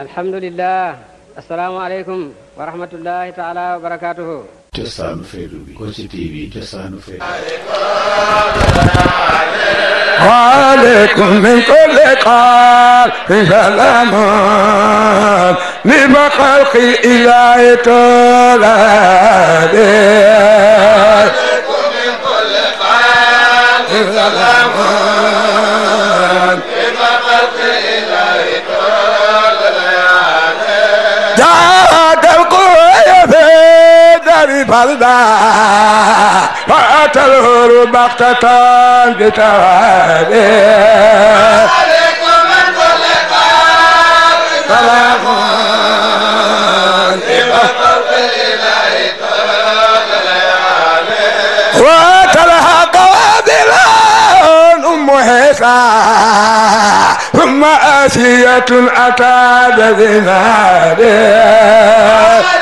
الحمد لله السلام عليكم ورحمة الله تعالى وبركاته جسان فيدوبي كوشي تي في جسان فيدوبي عليكم من كل قال سلام لما خلق إلهي تولد عليكم من كل قال سلام غريب الباء فأتلهر بغتة بتوابه عليك من كل قاب سلام لبطل إليه طول الليالي وتلها قوابل أم حسان ثم آسية أتى بذنابه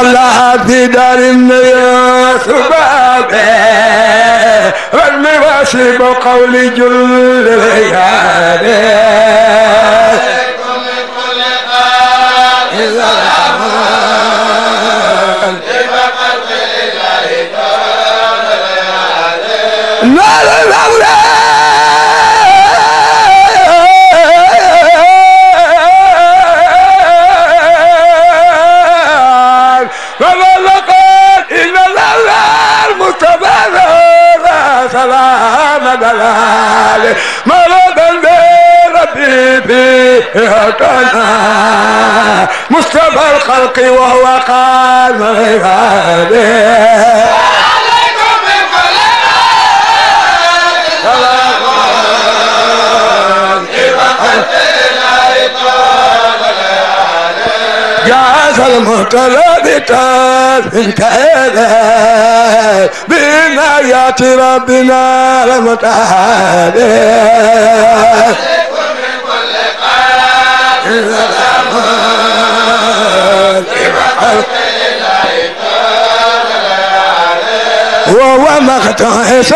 Allah بدار يسبب والمواسي بقول جل عليكم كل قائل لا فبلغت إلى الله متبرر سلام دلال مرضا بربي فيه كان مصطفى الخلق وهو قال من كالمتلبت بالكهذا بنايات ربنا المتحدث من كل قلب وهو مقتحس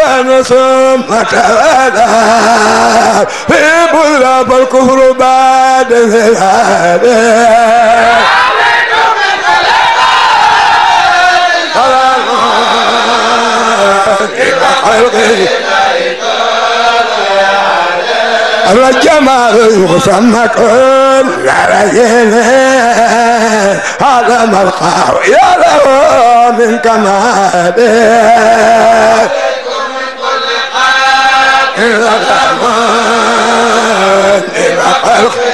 ونصم وتولى في بذرة الكفر بعد الهلاك الجمال يسمى كل رجل هذا ملقاه يا له من كماله الأمان إبقى الخير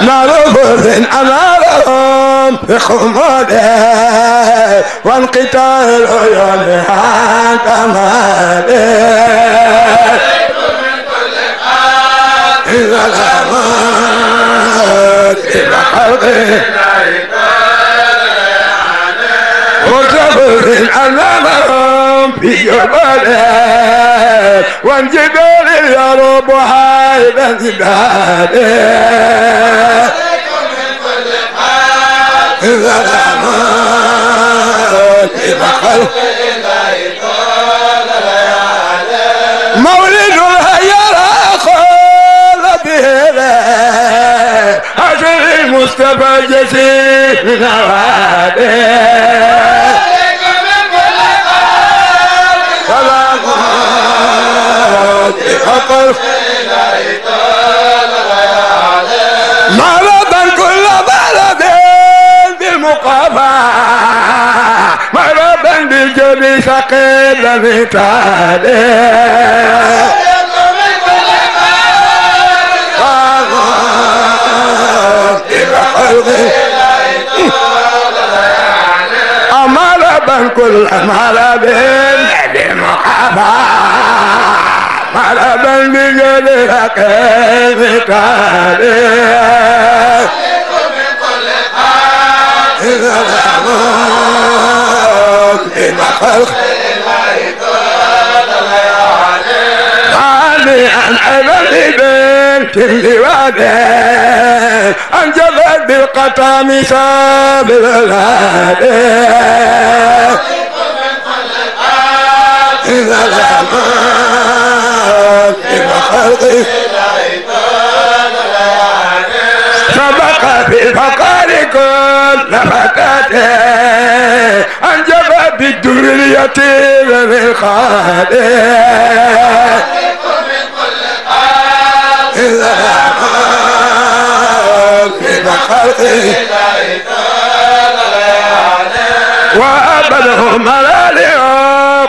نار بر على رأم بخماله وانقتال عيون كماله إن الأمان إلى خلقه وجبر على رأم في جمالك والجبال يا رب حائلا جبالك سلام لمخلوق مولد الهيرة خال به حجر المصطفى جسيم نواده بحقر مرضا كل مرض بالمقامة مرضا بالجبي ثقيل الذي تعالي أمر بن كل أمر بن محمد على من بجلدك بتعليم من كل حال إذا الأمور إلى خلق الله تعالى يا علي عن أبد كل واد عن جبل بالقطام صاب الغالي إذا الأمور في خلقك سبق في الفقر كل فكاته أنجب بالدر اليتيم من خاله وأبدهم الأليم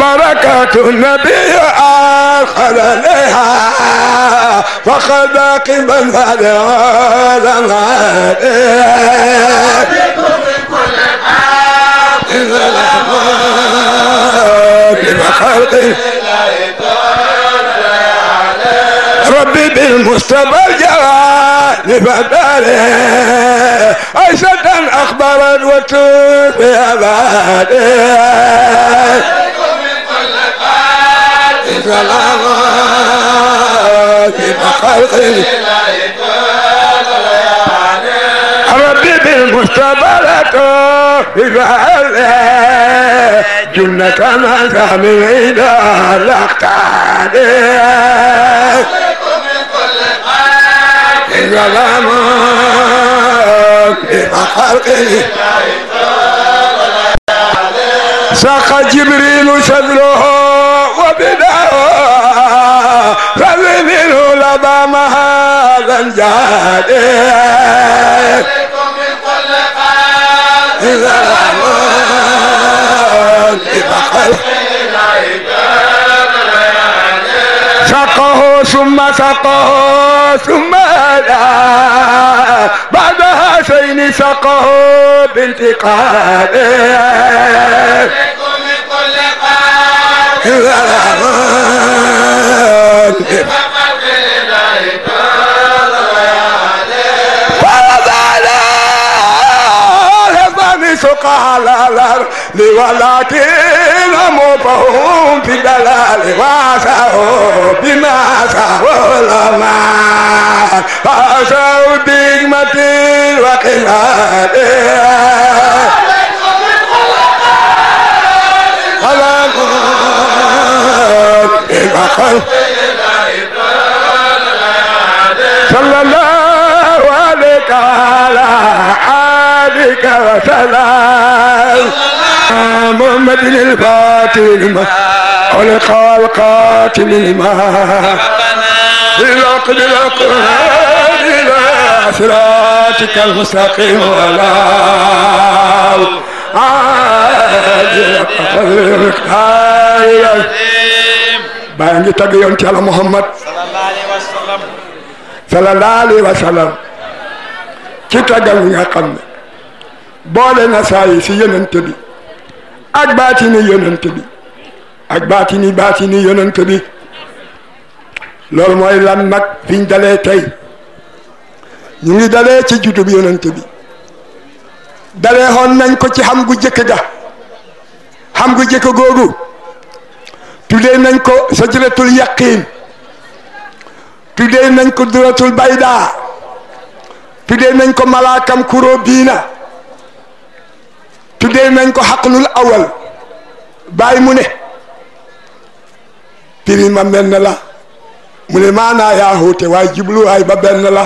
بركة النبي آخر لها فخلق من هذا بخلقه ربي بالمصطفى لبدالي عيشة أخبرا وتوفي أماني من كل قاتل سلام في مخلقي ربي بالمصطفى لتوفي جنة ما تعمل إذا لقتني ظلامك بمحرقه ساق جبريل صدره وبداه لبى ما هذا الجهاد إذا ظلامك سقه ثم سقه ثم لا بعد هاتين سقه بالتقال سوق حلال لولكن مبهم بدلال واسعوا بما سعوا لما فاسعوا بنعمة وقلال صلى الله عليك وعلى عليك وسلام محمد الفاتن خلق القاتل الماء لنقل القرآن إلى صراطك المستقيم ولا بانجي تغيونتي على محمد صلى الله عليه وسلم عليه taggal yi nga xam ne boole na saa yi si yonent bi ak baatini yonent bi ak baatini baatini yonent bi loolu mooy lan nag fiñ dalee tey ñu dalee ci judub yonent bi dalee xoon nañ ko ci xam gu jëkk ga xam gu jëkk googu tuddee nañ ko sajratul yaqiin tuddee nañ ko duratul baydaa tuddee nañ ko malaakam kuroo biina tuddee nañ ko xaqlul awal bàyyi mu ne piri ma benn la mu ne maanaa yaa xuute waaye jubluwaay ba benn la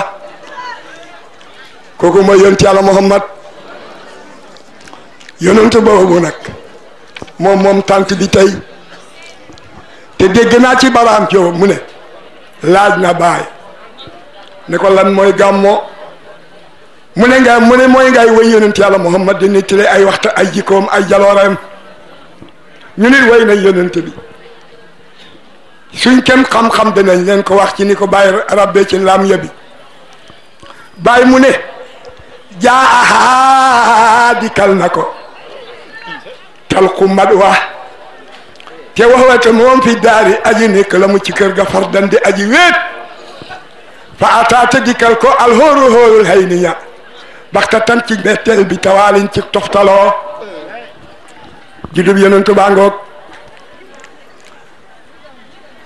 kooku mooy yonent yàlla Muhammad yonentu boobu nag moom moom tànt bi tey te dégg naa ci baraam coow mu ne laaj na baay ne ko lan mooy gàmmo mu ne nga mu ne mooy ngay way yonent yàlla muhammad di ay waxta ay jikkoom ay jalooreem ñu nit way na yonent bi suñ kenn xam-xam danañ leen ko wax ci ni ko bàyyi rabbe ci laam yabi bàyyi mu ne jaa ahaa dikkal na ko talku madwa te wax wate moom fi daari aji nekk la mu ci kër ga fardandi aji wéet fa ataata dikkal ko alxóoru xóorul hay ni baxtatan ci mbetteel bi tawaalin ci toftaloo juddub yonentu baa ngoog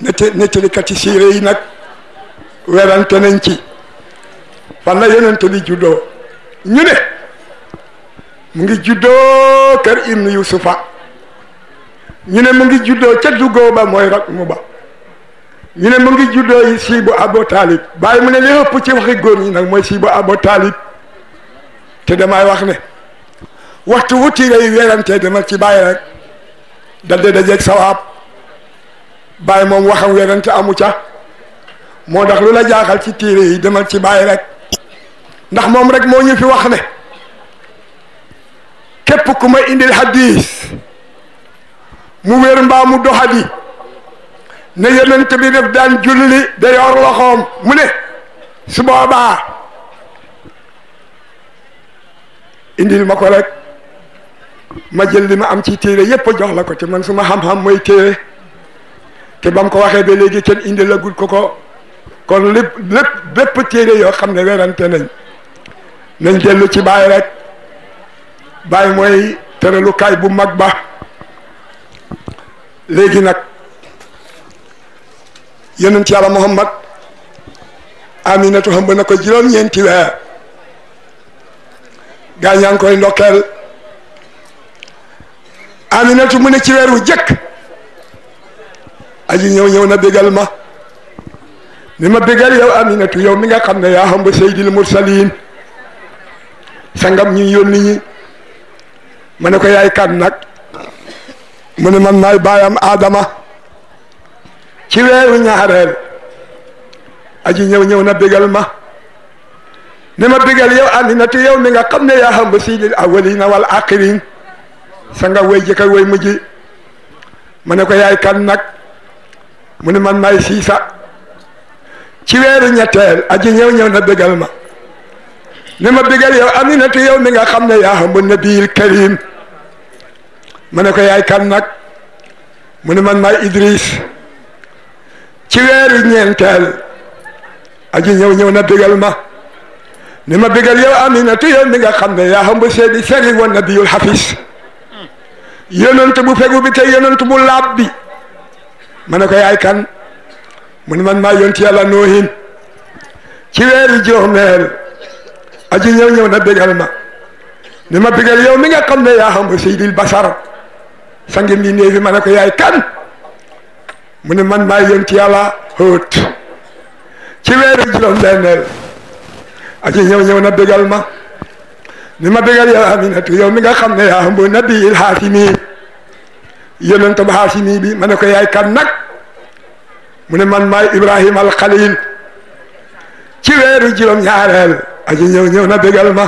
nett nettalikat ci siire yi nag werante nañ ci fan la yonent bi juddoo ñu ne mu ngi juddoo kër ibnu yusufa ñu ne mu ngi juddoo ca duggoo ba mooy rak mu ba ñu ne mu ngi juddoo yi siibu abo taalib bàyyi mu ne li ëpp ci waxi góor ñi nag mooy siibu abo taalib te damay wax ne waxtu wu ci ngay weerante demal ci bàyyi rek dal de dajeeg sawaab bàyyi moom waxam weerante amu ca moo tax lu la jaaxal ci téere yi demal ci bàyyi rek ndax moom rek moo ñu fi wax ne képp ku ma indil hadis mu wér mbaa mu doxadi ne yonent bi def daan julli da yor loxoom mu ne su boobaa indil ma ko rek ma jël li ma am ci téere yépp jox la ko te man suma xam-xam mooy téere te bam ko waxee ba léegi kenn indil la gud ko ko kon lépp lépp bépp téere yoo xam ne werante nañ nañ dellu ci baay rek baay mooy tëralukaay bu mag ba léegi nag yonent yàlla Muhammad aminatu xam ba na ko juróom-ñeenti weer gaa ñaa ngi koy ndokkeel aminatu mu ne ci weeru wu jëkk aji ñëw ñëw na bégal ma mi ma bégal yow aminatu yow mi nga xam ne yaa xam ba seydil mursalin sangam ñu yónni ñi ma ne ko yaay kan nag mu ne man maay baayam aadama ci weeru ñaareel aji ñëw ñëw na bégal ma ni ma bégal yow aminatu yow mi nga xam ne yaa xam ba siidil awalina wal sa nga woy jëkka woy mujj ma ne ko yaay kan nag mu ne man maay siisa ci weeru ñetteel aji ñëw ñëw na bégal ma ni ma bégal yow aminatu yow mi nga xam ne yaa xam ba nabiil karim ma ne ko yaay kan nag mu ne man maay idris ci weeru ñeenteel aji ñëw ñëw na bégal ma ni ma bégal yow aminatu yow mi nga xam ne yaa xambu seedi seri wa nabiyul xafis yonent bu fegu bi te yonent bu laab bi ma ne ko yaay kan mu ne man maa yonti yàlla noohin ci weeri joomeel aji ñëw ñëw na bégal ma ni ma bégal yow mi nga xam ne yaa xambu seydil basar sangi mbi néefi ma ne ko yaay kan mu ne man maa yonti yàlla hóot ci weeri joomeel aji ñëw ñëw na bégal ma ni ma bégal yow aminatu yow mi nga xam ne yaa bu nabiil haasimi yonentam haasimi bi ma ne ko yaay kan nag mu ne na bégal ma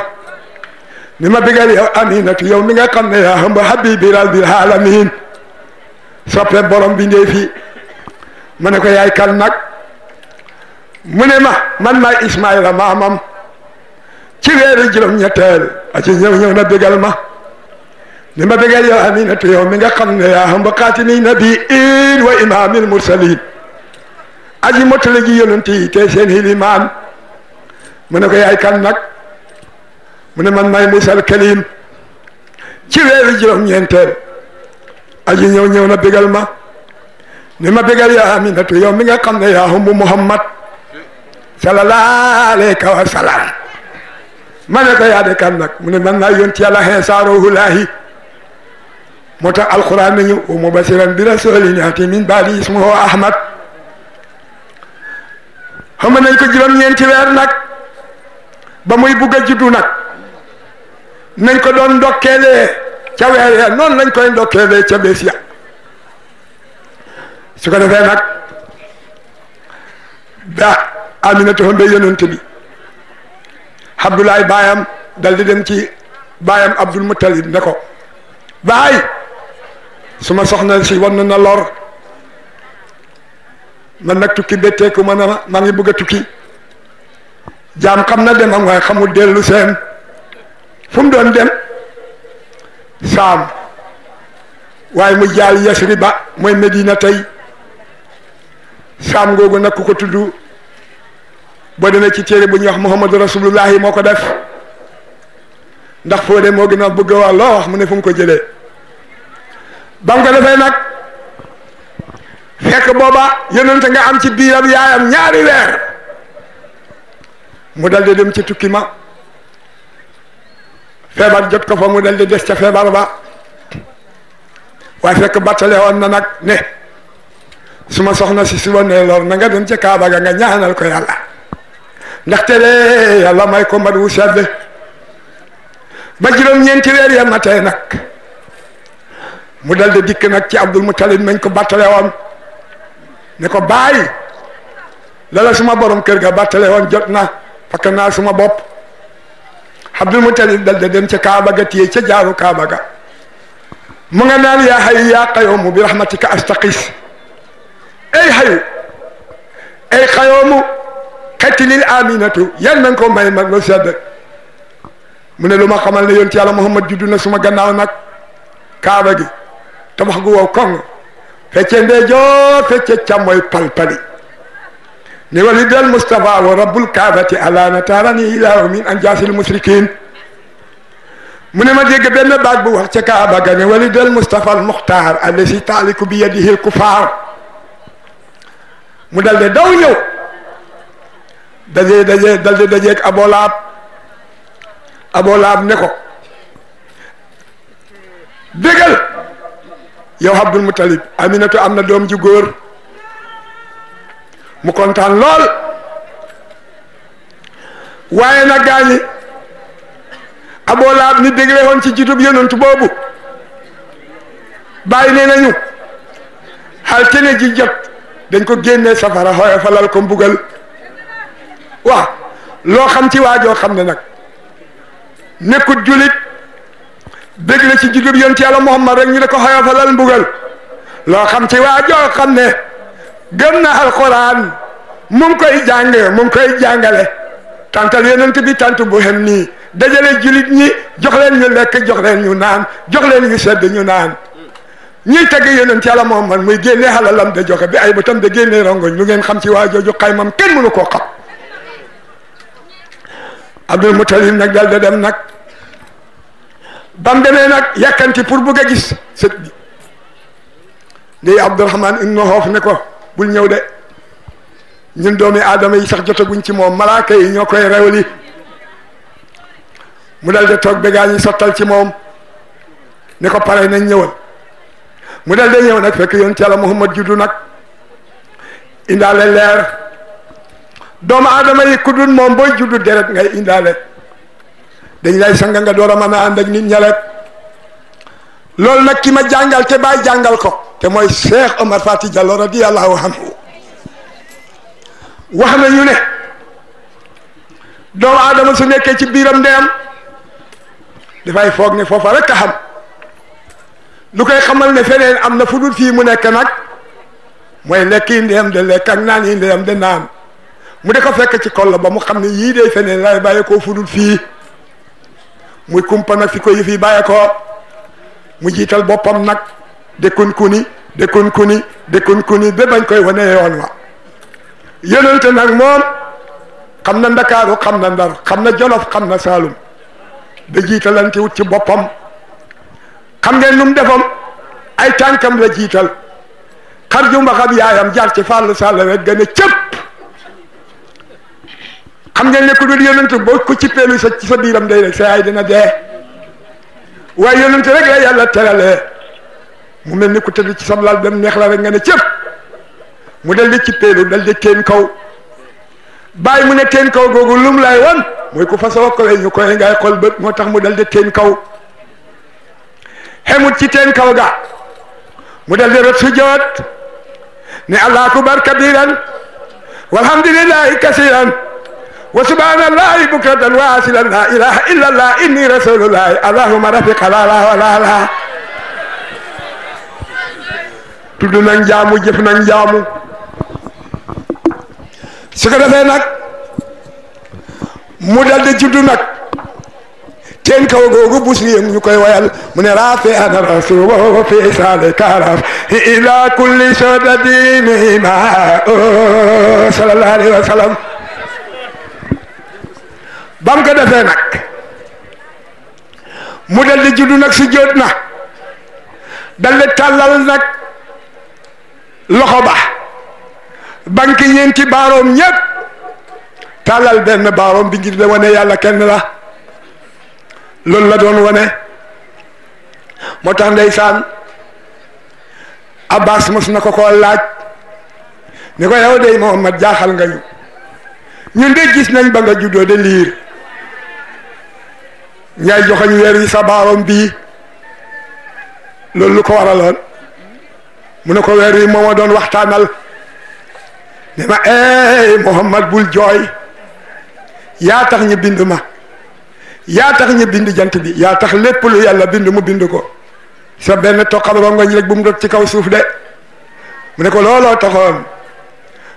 ni ma yow aminatu yow mi nga xam ne yaa bu habibi rabbil alamin soppe bi ndee fi ma ne ko yaay kan nag mu ne ma man maay ismaila maamam ci weeru juróom-ñetteel a ci ñëw na bégal ma li ma bégal yow aminatu yow mi nga xam na yaa xam ba xaatimi nabiin wa imaamil mursalin aji mottali gi yonent yi te seen i limaam mu ne ko yaay kan nag mu ne man may kalim ci weeru juróom-ñeenteel aji ñëw ñëw na bégal ma ni ma bégal yow aminatu yow mi nga xam ne yaa xam muhammad sallallahu alayhi wa sallam ma ne ko yaa de kan nag mu ne man naa yonti yàlla xeesaarohu laahi moo tax alquran nañu wa mubasiran bi rasulin yaati min baadi ismuhu ahmad xam nañ ko juróom-ñeenti weer nag ba muy bugg a juddu nag nañ ko doon ndokkeelee ca weer ya noonu lañ koy ndokkeelee ca bés ya su ko defee nag ba aminatu xam be yonent Abdoulaye baayam dal di dem ci baayam Abdul Muttalib ne ko baay suma soxna si wan na lor man nag tukki betteeku ma ne maa ngi bëgg a tukki jaam xam na demam waaye xamul dellu seen fu mu doon dem saam waaye mu jaal Yasriba mooy Medina tey saam googu nag ku ko tudd boo demee ci téere bu ñuy wax muhammadu rasulullahi moo ko def ndax Fodé moo gën a bëgg a wax loo wax mu ne fu mu ko jëlee ba ko defee nag fekk booba yonente nga am ci biiram yaayam ñaari weer mu dal di dem ci tukki ma feebar jot ko fa mu dal di des ca feebar ba waaye fekk battale woon na nag ne su ma soxna si suba ne lor na nga dem ca Kaaba ga nga ñaanal ko yàlla ndaxte de yàlla may ko mbalu sedd ba juróom-ñeenti weer ya matee nag mu dal di dikk nag ci Abdul Mutalib mañ ko bàttale woon ne ko bàyyi lala suma borom kër ga bàttale woon jot na fakk naa suma bopp Abdul Mutalib dal di dem ca Kaaba ga téye ca jaaru Kaaba ga mu nga naan yaa xayu yaa xayoomu bi rahmatika astaqis ay xayu ay xayoomu xettilil aminatu yan na nga may ma sedd mu ne lu ma xamal ne yoon ci yàlla Muhammad juddu na suma gannaaw nag kaaba gi tabax gu wow koŋ fecce ndeejoo fecce càmmooy palpali ni wali del Mustafa wa rabbul kaabati alaana taarani ilaahu min anjaasil musrikin mu ne ma dégg benn baat bu wax ca kaaba ne wali del Mustafa al muxtaar allasi taaliku bi yadihi al kufaar mu dal de daw ñëw daje daje dal di dajeeg abolaab ne ko dégal yow Abdul Mutalib Aminatu am na doom ju góor mu kontaan lool waaye nag gaa ñi abolaab ni dégle woon ci judub yonantu boobu bàyyi nee nañu xal tene ji jot dañ ko génnee safara xooye falal ko mbugal waaw loo xam ci waajoo xam ne nag nekkut julit bëgg na ci judub yoon ci yàlla muhammad rek ñu ne ko xayafalal mbugal loo xam ci waajoo xam ne gëm na alquran mu ngi koy jàng mu ngi koy jàngale tantal yonent bi tant bu hem nii dajale julit ñi jox leen ñu lekk jox leen ñu naan jox leen ñu sedd ñu naan ñuy tagg yonent yàlla muhammad muy génnee xalalam da joxe bi ay bëtam da génnee rongoñ lu ngeen xam ci waajooju xaymam kenn mënu ko xam abdul mutalib nak dal da dem nak bam deme nak yakanti pour bëgg gis sët bi day abdurahman ibnu xoof ne ko bul ñëw de ñun doomi aadama yi sax jotaguñ ci mom malaaka yi ñokoy rewli mu dal de tok begaa ñi sotal ci mom ne ko pare na ñëwal mu dal de ñëw nak fekk yoon ci yàlla muhammad juddu nak indale leer doomu aadama yi ku moom booy juddu deret ngay indaale dañ lay sanga nga door a mën a ànd ak nit ñalet loolu nag ki ma jàngal te bàyyi jàngal ko te mooy Cheikh Omar Fati Diallo radiyallahu anhu wax na ñu ne doomu aadama su nekkee ci biiram ndeyam dafay foog ne foofa rek a xam lu koy xamal ne feneen am na fu dul fii mu nekk nag mooy lekk yi ndeyam de lekk ak naan yi ndeyam de naan mu di ko fekk ci koll ba mu xam ne yii dey feneen laay bàyyeekoo fudul fii muy kumpa nag fi ko yëf bàyyeekoo mu jiital boppam nag dëkkun kuni dëkkun kuni dëkkun kuni ba bañ koy wane yoon wa yonente nag moom xam na ndakaaru xam na ndar xam na jolof xam na saalum ba jiitalante wut ci boppam xam ngeen nu mu ay tànkam la jiital xar ju mbaxam yaayam jaar ci fàll sàll wet gën a xam ngeen ne ku dul yonent boo ko cippeelu sa biiram day rek sa yaay dina dee waaye yonent rek la yàlla teralee mu mel ni ku tëdd ci sablal dem neex la rek nga ne cëpp mu dal di cippeelu dal di teen kaw bàyyi mu ne teen kaw googu lum lay wan mooy ku fasawa kowe ñu koy ngay xol bët moo tax mu dal di teen kaw xemut ci teen kaw ga mu dal di rot ne allahu akbar kabiran walhamdulillahi kasiran وسبحان الله بكرة واصلا لا إله إلا الله إني رسول الله اللهم رفيق لا لا ولا لا tudd nañ jaamu jëf nañ jaamu su ko defee nag mu dal di juddu nag teen kaw googu bus yi ñu koy wayal mu ne raafe ana rasul wa fi sale karaf ila kulli sodadin ima sallallahu alayhi wa sallam ba ko defee nag mu dal di juddu nag si jóot na dal di tàllal nag loxo ba banque ñeenti baaroom ñépp tàllal benn baaroom bi ngir de wane yàlla kenn la loolu la doon wone moo tax ndeysaan abbas mos na ko koo laaj ni ko yow dey Muhammad jaaxal nga ñu ñun de gis nañ ba nga juddoo de liir ngay joxañ weer yi sa baaroom bii loolu lu ko waraloon mu ne ko weer yi mooma doon waxtaanal ne ma ey Muhammad bul jooy yaa tax ñu bind ma yaa tax ñu bind jant bi yaa tax lépp lu yàlla bind mu bind ko sa benn toqal rongoñ rek bu mu ci kaw suuf de mu ne ko looloo taxoon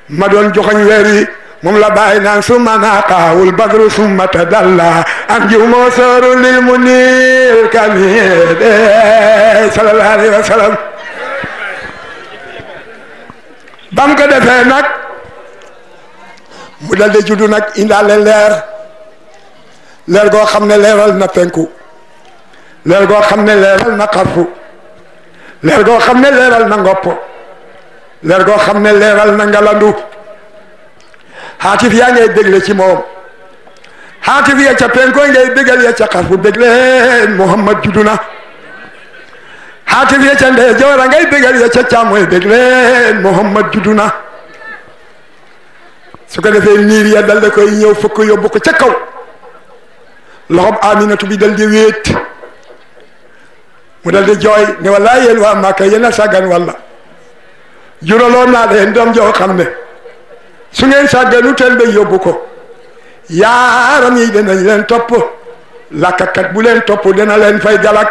ma doon joxañ weer yi مملا باينا ثم ناقا والبدر ثم تدلى انجو موسور للمنير كمير صلى الله عليه وسلم بام كو ديفه ناك مو دال دي جودو ناك اندا لير لير غو خامني ليرال نا تنكو لير غو خامني ليرال نا قفو لير غو خامني ليرال نا غوبو لير غو خامني ليرال نا غالاندو xaatif yaa ngay bégle ci moom xaatif ya ca penkoy ngay bégal ya ca xarfu bégleen Muhammad juduna xaatif ya ca ndey joora ngay bégal ya ca càmmoy bégleen Muhammad juduna su ko defee niir ya dal da koy ko ca kaw loxob aminatu bi dal mu dal di jooy ne wallaa yéen waa Màkka yéen a sàggan walla juraloo naa leen doom joo xam su ngeen sàgganu teel ba yóbbu ko yaaram yi danañ leen topp lakkakat bu leen topp dana leen fay galak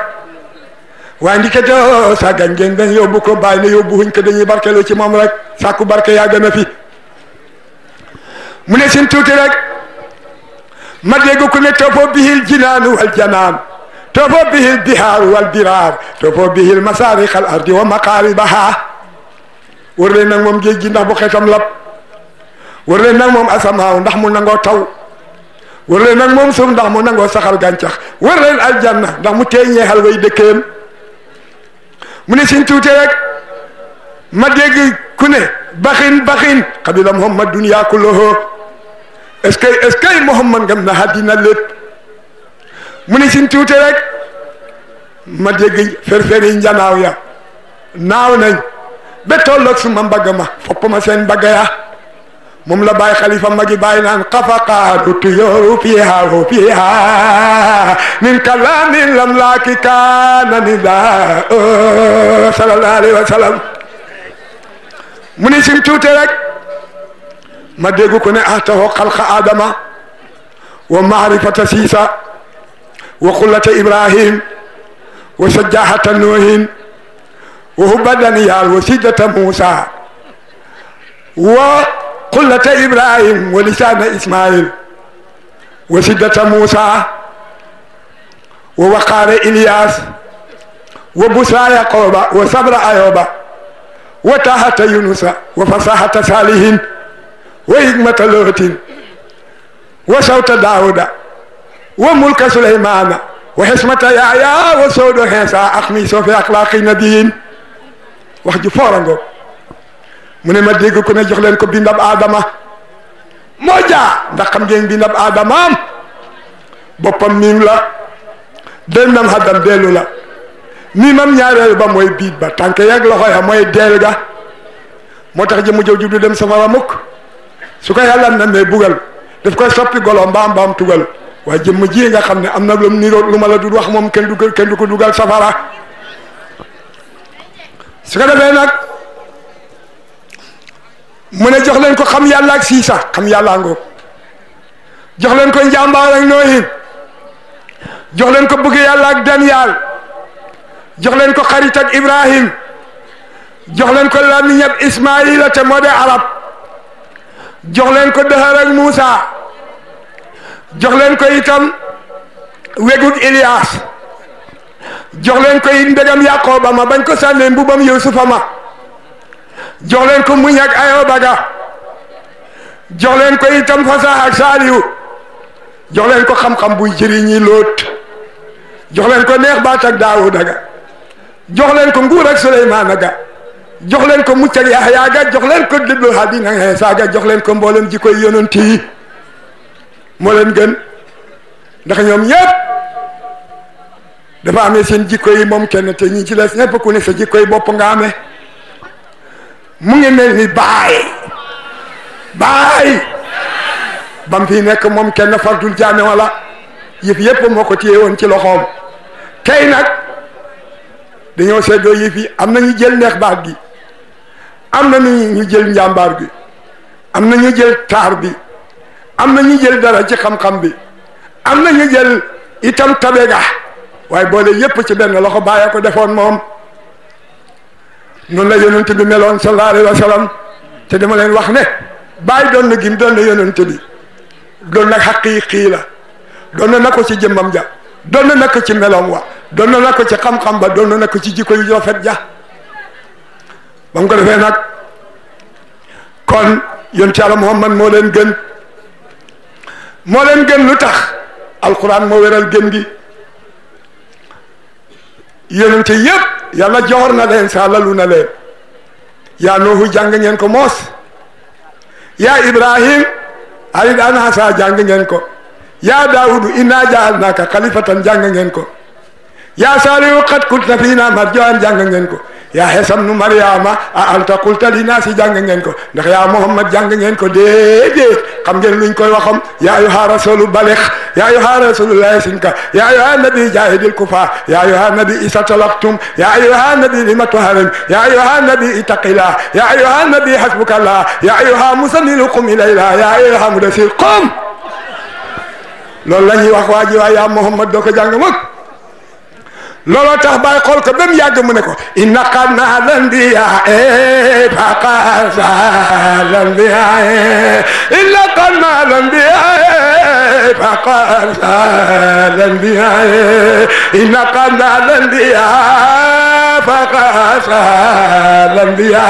waaye ndikete sàggan ngeen dañ yóbbu ko bàyyi na yóbbu huñ ko dañuy barkeloo ci moom rek sàkku barke yaa gën a fi mu ne sin rek ma dégg ku ne toppoo bihil jinaanu wal janaan toppoo bihil bihaaru wal biraar toppoo bihil masaariqal ardi wa maqaaribaha wër leen nag moom géej gi ndax bu xetam lap war leen nag moom asamaaw ndax mu nangoo taw war leen nag moom suuf ndax mu nangoo saxal gàncax war leen aljanna ndax mu tee ñeexal way dëkkeem mu ne suñ tuute rek ma dégg ku ne baxin baxin xabila muhammad dunya kulluhu est-ce que est-ce que muhammad ngam na àddina lépp mu ne suñ tuute rek ma dégg ferfer yi njanaaw ya naaw nañ ba tolloog suma mbagg ma fopp seen mbagg ya moom la bàyyi xalifa magi bàyyi naan xafaqaadu tuyooru fiha hu fiha min kalaamin lam laaki kaana nida sallallahu alayhi wa sallam mu ni sim tuute rek ma dégg ko ne ahtahu xalqa adama wa maarifata siisa wa qullata ibrahim wa sajjahata nuuhin wa hubba daniyaal wa siddata muusa wa قلة إبراهيم ولسان إسماعيل وسدة موسى ووقار إلياس وبسرى يعقوب وصبر أيوب وتاهة يونس وفصاحة صالح وحكمة لوط وصوت داود وملك سليمان وحسمة يعيا وسود حيسى أخمي في أخلاقي نبيين وحجي فورا mune ma deg ko ne jox len ko bindab adama bopam jaa ndax xam ngeen bindab adama bopam min la nam hadam delu la miimam ñaareel ba moy bit ba tanke yak loxo ya moy del ga motax tax mu jow ju dem safara muk su ko nan ne bugal def ko soppi golo mbam mbaam tugal waaye jëmm ji nga xamne amna lu lu mala wax mom ken du ken dugal safara su ko nak mu ne jox leen ko xam yàlla ak siisa xam yàllaa ngoog jox ko njàmbaar ak nooyin leen ko bëgg yàlla ak daniyal jox leen ko xarit ak ibrahim jox leen ko lamiñ ab ismaila te moo de arab jox ko dëhër ak muusa ko itam wegug ilias jox ko it mbégam yàqooba ma bañ ko sànnee mbubam yusufa ma jox leen ko muñ ak ayo baga jox leen ko itam fasax ak saaliw jox leen ko xam-xam buy jëriñi lóot jox leen ko neex baat ak daawuda ga jox leen ko nguur ak suleymaana ga jox leen ko mucc ak yaxyaa ga jox leen ko diblu habina heesa ga jox leen ko mboolem jikko koy yonent yi moo leen gën ndax ñoom ñëpp dafa amee seen jikko yi moom kenn te ñi ci des ñëpp ku ne sa jikko yi bopp nga ame mu ngi mel ni baay baay ba mu nekk moom kenn fardul jaame wala yëf yëpp moo ko téye woon ci loxoom tey nag dañoo seddoo yëf yi am na ñu jël neex baat gi am na ñu jël njàmbaar gi am na ñu jël taar bi am na ñu jël dara ci xam bi am na ñu jël itam tabe ga waaye boole yëpp ci benn loxo bàyyi ko defoon moom. نون لا يونت بي ميلون صلى الله عليه وسلم تي دما لين واخني باي دون نغي دون لا يونت بي دون نك حقيقي لا دون نكو سي جيمم جا دون نكو سي ميلون وا دون نكو سي خام خام با دون نكو سي جيكو يو فات جا بام كو دفي كون يونت الله محمد مولين گن مولين گن لوتخ القران مو ويرال گن دي te yëpp yàlla joxor na leen saalalu na leen yaa noohu jàng ngeen ko moos yaa ibrahim arid an jàng ngeen ko yaa daawudu inna jaalnaaka xalifatan jàng ngeen ko yaa saalihu xat kunta fiina marjaan jàng ngeen ko yaa xesam nu mariama a anta qulta linnaasi jàng ngeen ko ndax yaa muhammad jàng ngeen ko déedéet xam ngeen luñ koy waxam yaa ayyuha rasulu balex yaa ayyuha rasulullahi sinka yaa ayyuha nabi jahidil kufa yaa ayyuha nabi isa talaktum yaa ayyuha nabi lima tuharim yaa ayyuha nabi itaqila yaa ayyuha nabi hasbukallah yaa ayyuha musammilu qum ilayla yaa ayyuha mudasir qum loolu la ñuy wax waa ji waa yaa muhammad doo ko jàng mukk looloo tax bàyyi xool ko ba mu yàgg mu ne ko inna qad nahlan biya e faqasalan biya inna qad nahlan biya e faqasalan biya inna qad nahlan biya faqasalan biya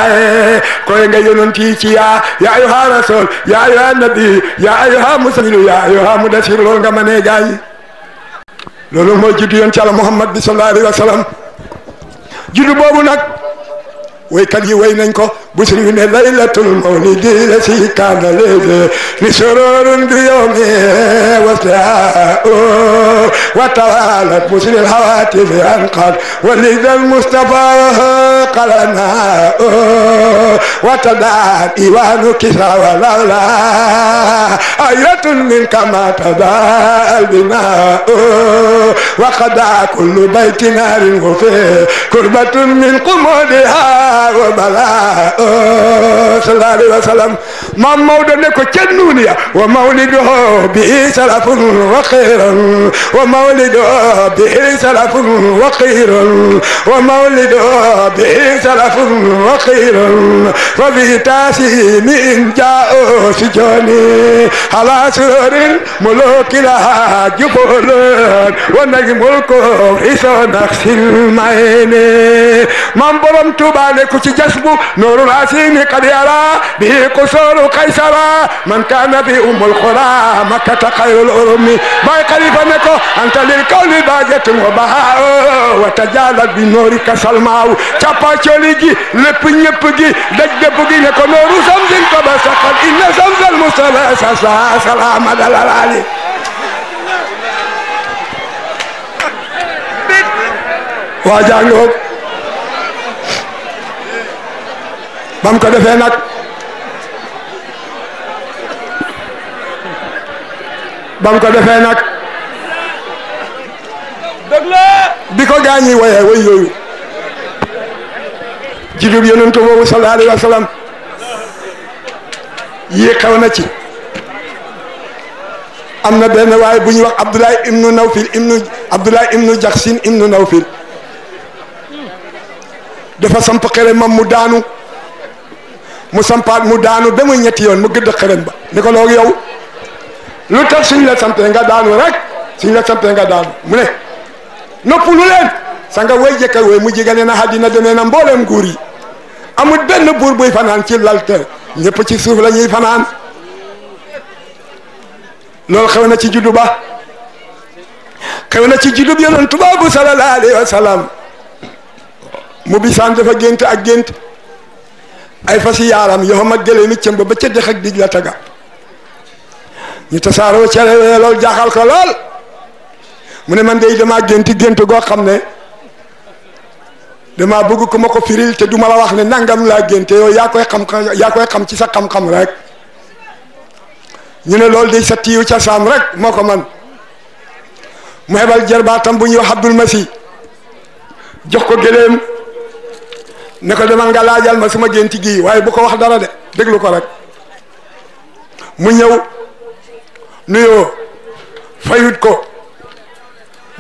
koy ci ya ya ayyuha rasul ya ayyuha nabi ya ayyuha muslimu ya ayyuha mudassir lool nga mane gaay loolu mooy juddu yoon ci Yàlla Muhammad bi sallallahu alayhi wa sallam boobu nag ويكالي yi way nañ ko bu suñu ne laylatul mawlidi la si kaana وتوالت مسل الهواتف عن قد ولد المصطفى قلنا وتدعى إيوان كسا ولولا آية من كما تدعى البناء وقد كل بيت نار وفيه كربة من قمودها wa balaa sallallahu alayhi wa sallam maam Maodo ne ko ca nuuniya wa mawliduhu bihi salafun wa xayran wa mawliduhu bihi salafun wa xayran wa mawliduhu bihi salafun wa xayran fa bihi taasiimi in jaa'u si jooni ala sururin mulukilaha jubulan wa nagi mulko iso naxsil mayne maam borom Tuubaa ne يكو جسم نور العسين قد يرى به قصور قيسرى من كان به أم القرى مكة خير الأرم باي قريبا نكو أنت للكون باجة وبهاء وتجالت بنورك سلماء تابا شوليجي لب نيبجي دج دبجي نكو نور زمزم تبسقل إن زمزم المسلسة سلام دلالالي واجانوك ba mu ko defee bi ko gaañi waye way yooyu judub yonentu boobu sallallahu alayhi wa sallam yii xew na ci am na benn waay bu ñuy wax Abdoulaye ibnu Nawfil ibnu Abdoulaye ibnu Jaxsin ibnu Nawfil dafa samp xere mam daanu mu sampaat mu daanu ba muy ñetti yoon mu gëdd xërëm ba ni ko loolu yow lu tax suñ la sampee nga daanu rek suñ la sampee nga daanu mu ne nopp lu leen sa nga way jëkka wooy mu jigane na àddina demee na mbooleem nguur yi amul benn buur buy fanaan ci lalte ñëpp ci suuf lañuy ñuy fanaan loolu xew na ci juddu ba xew na ci juddu bi yonent tubaabu sallallahu alayhi wa sallam mu bisaan gént ak gént ay fas yaaram yoo xam ak mi cëmb ba ca dex ak dig la taga ñu tasaaroo ca rewee lool jaaxal ko lool mu ne man day damaa génti gént goo xam ne damaa bëgg ko ma ko firil te duma la wax ne nangam laa génte yow yaa koy xam yaa koy xam ci sa xam-xam rek ñu ne loolu day sa tiiw ca saam rek moo ko man mu hebal jarbaatam bu ñuy wax Abdul Masi jox ko gëleem ne ko demal nga laajal ma suma gént gii waaye bu ko wax dara de déglu ko rek mu ñëw nuyoo fayut ko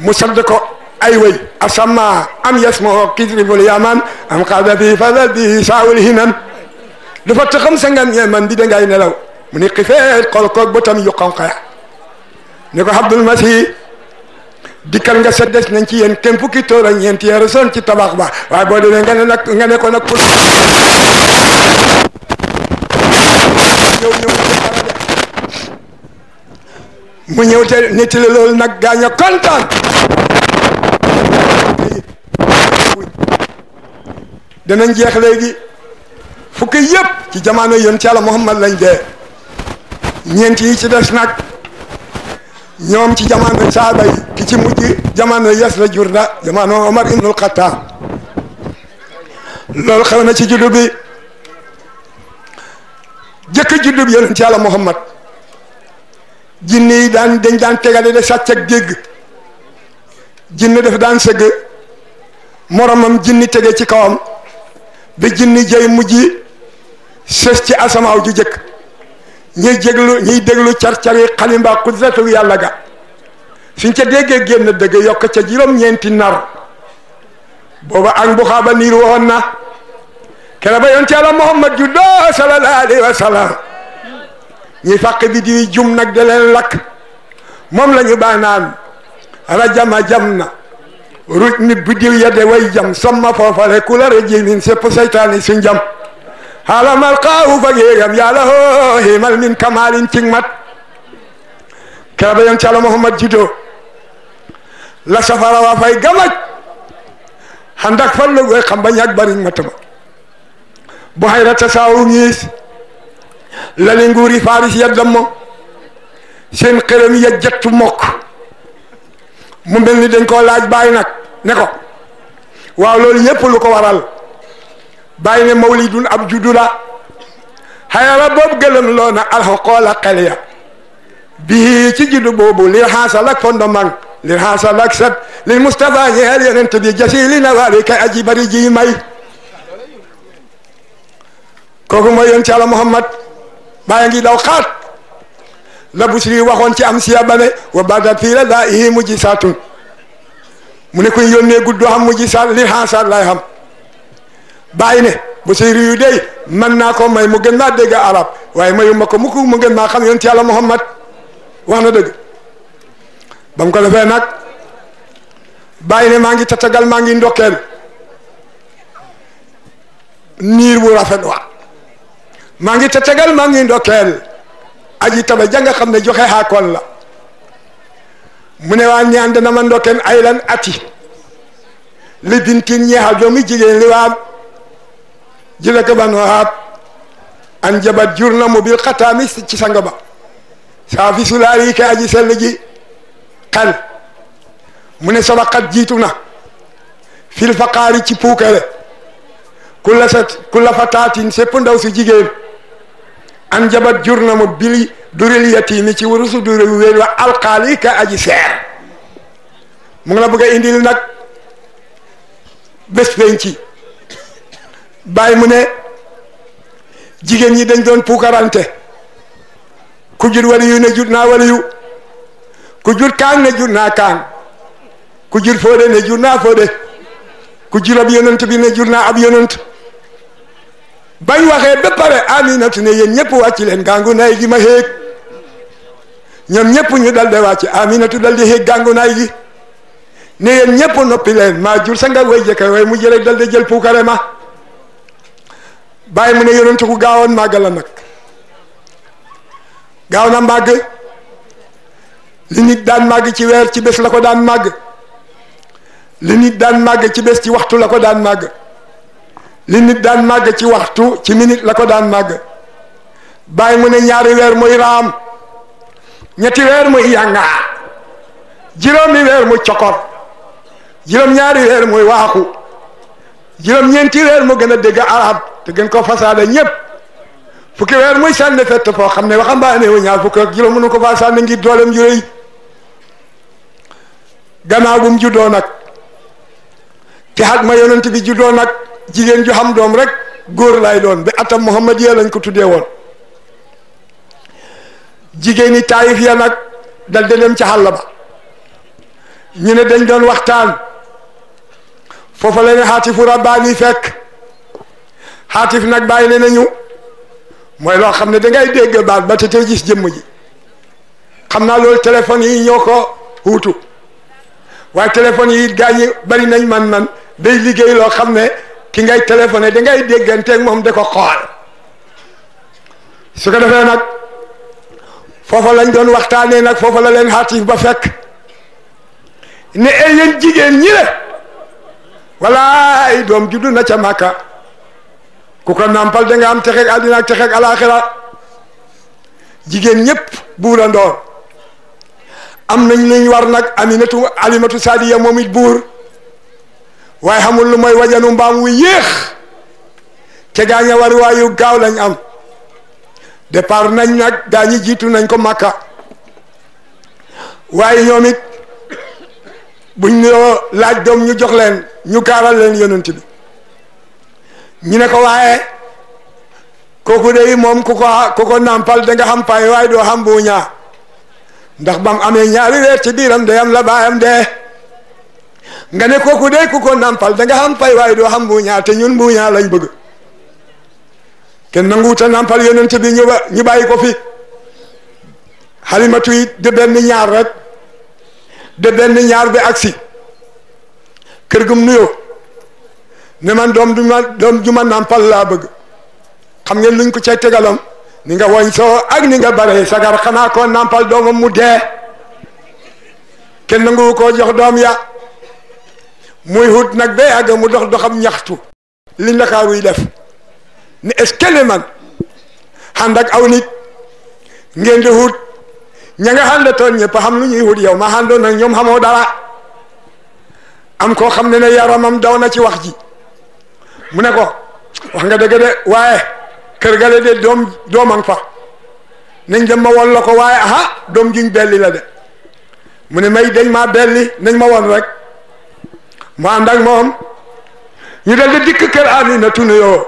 mu sadd ko ay way asama am yasmoo kisriful yaman am xada fi fada bi saawul hinan dafa taxam sa ngan yeman di da ngay nelaw mu ni xifeet xol koog ba tam yu xonqaya ne ko abdul masih dikal nga sedes nañ ci yeen kenn fukki tóor ak ñent yeeru son ci tabax ba way bo de nga nak nga ne ko nak pour mu ñew te nettali loolu nak gaña kontan danañ jeex legi fukki yeb ci jamono yoon ci ala muhammad lañ de ñent yi ci des nak ñoom ci jamono saaba yi ki ci mujj jamono yes la jur da jamono Omar ibnul Xattaab loolu xew na ci juddu bi jëkk juddu bi ci Yàlla Muhammad jinne yi daan dañ daan tegale de sàcc ak dégg jinne daf daan sëgg moromam jinni tege ci kawam ba jinni jëy mujj sës ci asamaaw ju jëkk ñuy jéglu ñuy déglu car-cari xalimba xudratu yàlla ga suñ ca déggee génn dëgg yokk ca juróom-ñeenti nar booba ak buxaaba niir waxoon na kere ba yoon ci yàlla Muhammad ju doo sallallahu alayhi wa sallam ñi fàq bi di jum nag da leen moom la ñu baanaan rajama jam na ruj ni biddiw ya de way jam samma foofale ku la rëji min seytaani si njam haala malqaahu fa geegam yaala ho hemal min kamalin cingmat keraɓe yon calo mouhamad jido la safara wa fay gamaj handak fallugoy kamba ñag baringmatama bo hayrata sawu ñiis lali nguuri faris yaddammo seen xërëm ya jettu mokk mu mel ni laaj bàyyi nag ne ko waaw loolu yépp lu ko waral bàyyi ne mawlidun ab juddu la xayara boobu gëlëm loo na alxaqoola xel bii ci juddu boobu li xaasal ak fondement li xaasal ak set li Moustapha ñeel yeneen te bi na waari kay aji bari ji may kooku mooy yoon ci Muhammad bàyyi ngi daw xaat la Busiri waxoon ci am siya bane wa badat fii la daa ihi mujji saatun mu ne kuy yónnee guddoo xam mujji saat li xaasal lay xam bàyyi ne bu say riyu day mën naa ko may mu gën maa dégg arab waaye mayu ma ko mukk mu gën maa xam yonent yàlla muhammad wax na dëgg ba mu ko defee nag bàyyi ne maa ngi tatagal maa ngi ndokkeel niir bu rafet wa maa ngi tatagal maa ngi ndokkeel aji taba ja nga xam ne joxe xaakoon la mu ne waa ñaan dana ma ndokkeel ay ati li bintin ñeexal doomi jigéen li waa jële ko banu haab an jur na mu bil xataami ci sanga ba saa fi sulaari ka aji sell ji xel mu ne sabaqat jiitu na fil faqaari ci puukale kulla sa kulla fataatin sépp ndaw si jigéen an jabat jur na mu bili duril yatiimi ci warusu duriwu wéen wa alqaali ka aji seer mu ngi la indil nag bés penci bàyyi mu ne jigéen ñi dañ doon puukarante ku jur wali yu ne jur naa wali yu ku jur kaang ne jur naa kaang ku jur foode ne jur naa foode ku jur ab yonent bi ne jur naa ab yonent bañ waxee ba pare aminatu ne yéen ñëpp wàcc leen gàngu naay gi ma xéeg ñoom ñëpp ñu dal de wàcc aminatu dal di xéeg gàngu naay gi ne yéen ñëpp noppi leen maa jur sa nga way jëkka way mu jële dal de jël puukare ma bàyyi mu ne yonente ku gaawoon màggal la nag gaaw na màgg li nit daan màgg ci weer ci bés la ko daan màgg li nit daan màgg ci bés ci waxtu la ko daan màgg li nit daan màgg ci waxtu ci minute la ko daan màgg bàyyi mu ne ñaari weer muy raam ñetti weer muy yàngaa juróomi weer muy cokor juróom ñaari weer muy waaxu juróom ñeenti weer mu gën a dégg arab te gën ko fasaada ñëpp fukki weer muy sànni fett foo xam ne waxambaane wu ñaar fukk ak juróom mënu ko faa sànni ngir dooleem ju rëy gannaaw bu mu juddoo nag ci xat ma yonent bi juddoo nag jigéen ju xam doom rek góor lay doon bi atam Muhammad ya lañ ko tuddee woon jigéeni taayif ya nag dal de dem ca xàll ba ñu ne dañ doon waxtaan foofa la ne xaati fu rabbaani fekk hatif nak bàyyi nañu moy lo xamne da ngay ne dangay dégg baat ba te tey gis jëm ji xamna lol téléphone yi ñoko hutu wa téléphone yi gaa bari nañ man-man day liggéey lo xamne ki ngay téléphoné da ngay dangay ak mom da ko xol su ko defé nak fofu lañ doon waxtane nak fofu la leen hatif ba fekk ne ay yéen jigen ñi le walaay doom juddu na ca màkka ku ko nàmpal da nga am texeeg àddina ak texeeg alaaxira jigéen ñépp buura ndoor am nañ lañ war nag aminatu saadiya moom it buur waaye xamul lu moy wajanu mbaam wu yéex te gaañ a war waayu gaaw lañ am départ nañ nag gaañi jiitu nañ ko màkka waaye ñoom it buñ loo laaj doom ñu jox leen ñu gaaral leen yonent bi ñu ne ko waaye kooku de moom ku ko ku ko nàmpal da nga xam pay waaye doo xam buuñaa ndax bam amee ñaari weer ci diiram deyam la baayam dee nga ne kooku de ku ko nàmpal da nga xam pay doo xam buuñaa te ñun buuñaa lañ bëgg kenn nanguuta nàmpal yonent bi ñu ba ñu bàyyi ko fi xalimatu yi ñaar rek de benn ñaar bi agsi kër gum nuyoo ne man doom du ma doom ju ma nàmpal laa bëgg xam ngeen luñ ko cay tegalam ni nga woñ soo ak ni nga bare sagar xanaa koo nàmpal doomam mu dee kenn nangu ko jox doom ya muy hut nag ba yàgg mu dox doxam ñaxtu li ndakaaru def ne est-ce man xànd ak aw nit ngeen di hut ña nga xàndatoon ñëpp xam lu ñuy hut yow ma xàndoon nag ñoom xamoo dara am koo xam ne ne yaramam daw na ci wax ji mu ne ko wax nga dëgg de waaye kër gale de doom doomang fa nañ dem ma won la ko waaye aha doom juñ belli la de mu ne may dañ maa belli nañ ma won rek mu ànd moom ñu dal di dikk kër aminatu nuyoo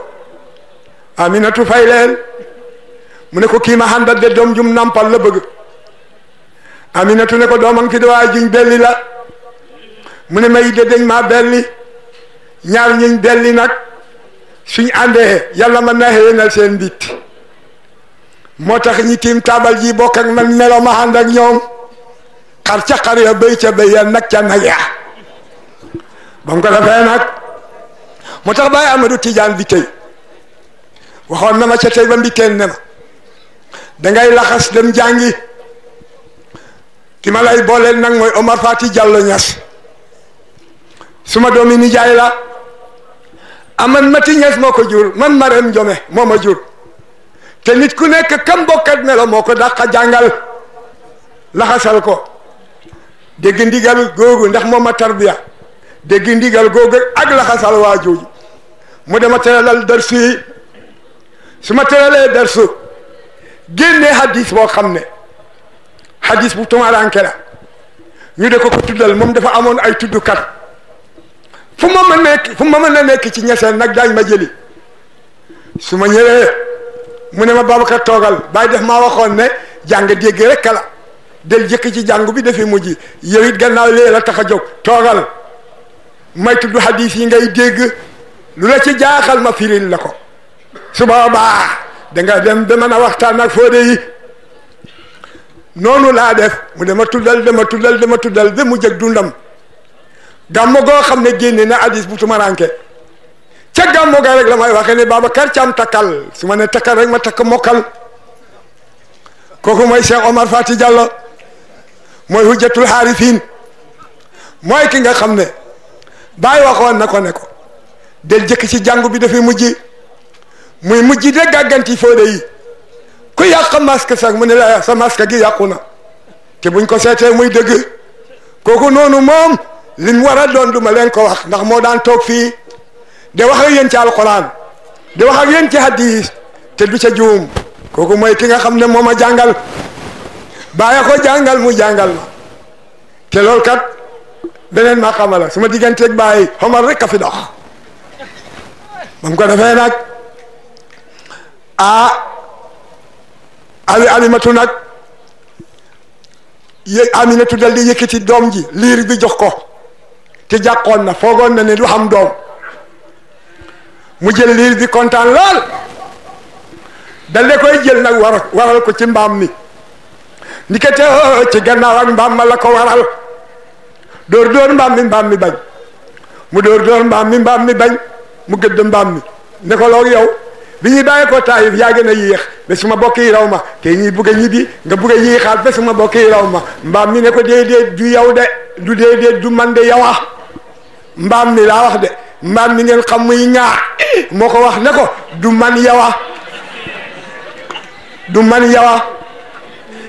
aminatu fay leen mu ne ko kii ma xandat de doom jum nampal la bëgg aminatu ne ko doomang fi de waaye juñ belli la mu ne may de dañ maa belli ñaar ñuñ belli nag suñ àndee yàlla ma na xëyénal seen bit moo tax ñi tiim taabal ji bokk ak man melo ma ànd ak ñoom xar ca xar ya béy ca béy ya nag ca nag ya ba ko defee nag moo tax Baay Amadou tiijaan bi tey waxoon na ma ca tey ba mbikkeen ne ma dangay laxas dem jàngi ki ma lay booleel nag mooy Omar Fati Diallo Niass suma doomi nijaay la aman ah, mati ñes moo ko jur man maram njome moo ma jur te nit ku nekk kam bokkat melo moo ko dàqa jàngal laxasal ko dégg ndigal góogu ndax moom ma tarbiya dégg ndigal googu ak laxasal waa jooju mu dema teralal darsu yi su ma teralee darsu génnee hadis boo xam ne hadis bu tumaranke la ñu de ko ko tuddal moom dafa amoon ay tuddukat fu ma nekk fu ma mën a nekk ci ñeseen nag daañ ma jëli su ma ñëwee mu ne ma Babacar toogal bàyyi def maa waxoon ne jàng dégg rek kala del jëkk ci jàngu bi dafi mujj yow it gannaaw lii la tax a jóg toogal may tudd hadis yi ngay dégg lu la ci jaaxal ma firil la ko su boobaa da dem ba mën a waxtaan ak fóode yi noonu laa def mu dama tuddal dama tuddal dama tuddal ba mu jëg dundam gàmmo goo xam ne génne na hadis bu tumaranke ca gàmmo ga rek la may waxee ne Babacar Thiam takkal su ma ne takkal rek ma takk mokkal kooku mooy Cheikh Omar Fati Diallo mooy hujjatul haarifiin mooy ki nga xam ne bàyyi waxoon na ko del jëkk ci jàngu bi dafa mujj muy mujj de gàgganti fóode yi ku yàq masque sax mu ne la sa masque gi yàqu na te buñ ko seetee muy dëgg kooku noonu moom li mu war a doon du ma leen ko wax ndax moo daan toog fii de wax ak yéen ci alquran de wax ak yéen ci hadis te du ca juum kooku mooy ki nga xam ne moo ma jàngal bàyyi ko jàngal mu jàngal ma te loolu kat beneen ma xamala su ma digganteeg bàyyi xomar rek a fi dox ba mu ko defee nag ah ali alimatu nag yé Aminatu dal di yëkkati doom ji liir bi jox ko. te jàqoon na foogoon na ne du xam doom mu jël liir bi kontaan lool dal de koy jël nag war waral ko ci mbaam mi ndikete oh, ci gannaaw ak mbaam ma la ko waral dóor dóor mbaam mi mbaam mi bañ mu dóor dóor mbaam mi mbaam mi bañ mu gëdd mbaam mi ne ko loog yow bi ñuy bàyyi ko taayif yaa gën a yéex suma bokk yi raw ma te ñuy bugg a nga bugg a yéexaat ba suma ma mbaam mi ne ko déedéet du yow de du déedéet du man de yowa ah. mbaam mi laa wax de mbaam mi ngeen xam muy ŋaa moo ko wax ne ko du man yawa du man yawa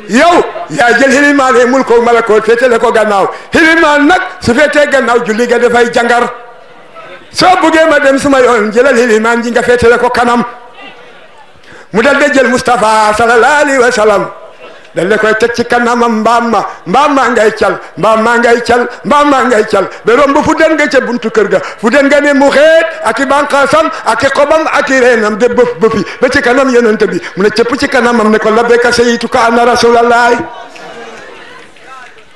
yow yaa jël xilimaane mul ko malakoot féetale ko gannaaw xilimaan nag su feetee gannaaw julli ga dafay jangar soo buggee ma dem suma yoon jëlal xilimaan ji nga féetale ko kanam mu dal de jël Moustapha sallallahu alayhi dañ la koy teg ci kanamam mbaam ma mbaam maa ngay cal mbaam maa ngay cal mbaam maa ngay cal ba romb fu den nga buntu kër ga fu den nga ne mu xeet ak i bànqaasam reenam de bëf bëfi ba ci kanam yonent bi mu ne cëpp ci kanamam ne ko labbayka sayyituka anna rasulallahi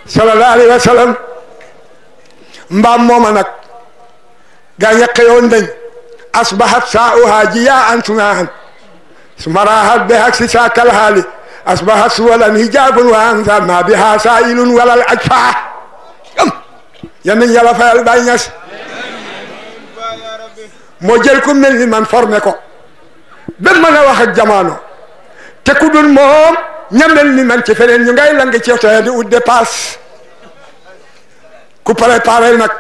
sallallahu wa sallam mbaam mooma nag gaa ña xëyoon nañ asbahat saa'uhaa jiyaan sunaahan sumarahat bi aksi saa kal haali أصبح سولا هجاب وأنت ما بها سائل ولا الأكفاء يمن يلا فعل بينس موجلكم من من فرمكو بمن واحد جمانو تكودون موم نعمل من تفلين ينغي لنغي تيوتو يدي ود باس كو پاري پاري نك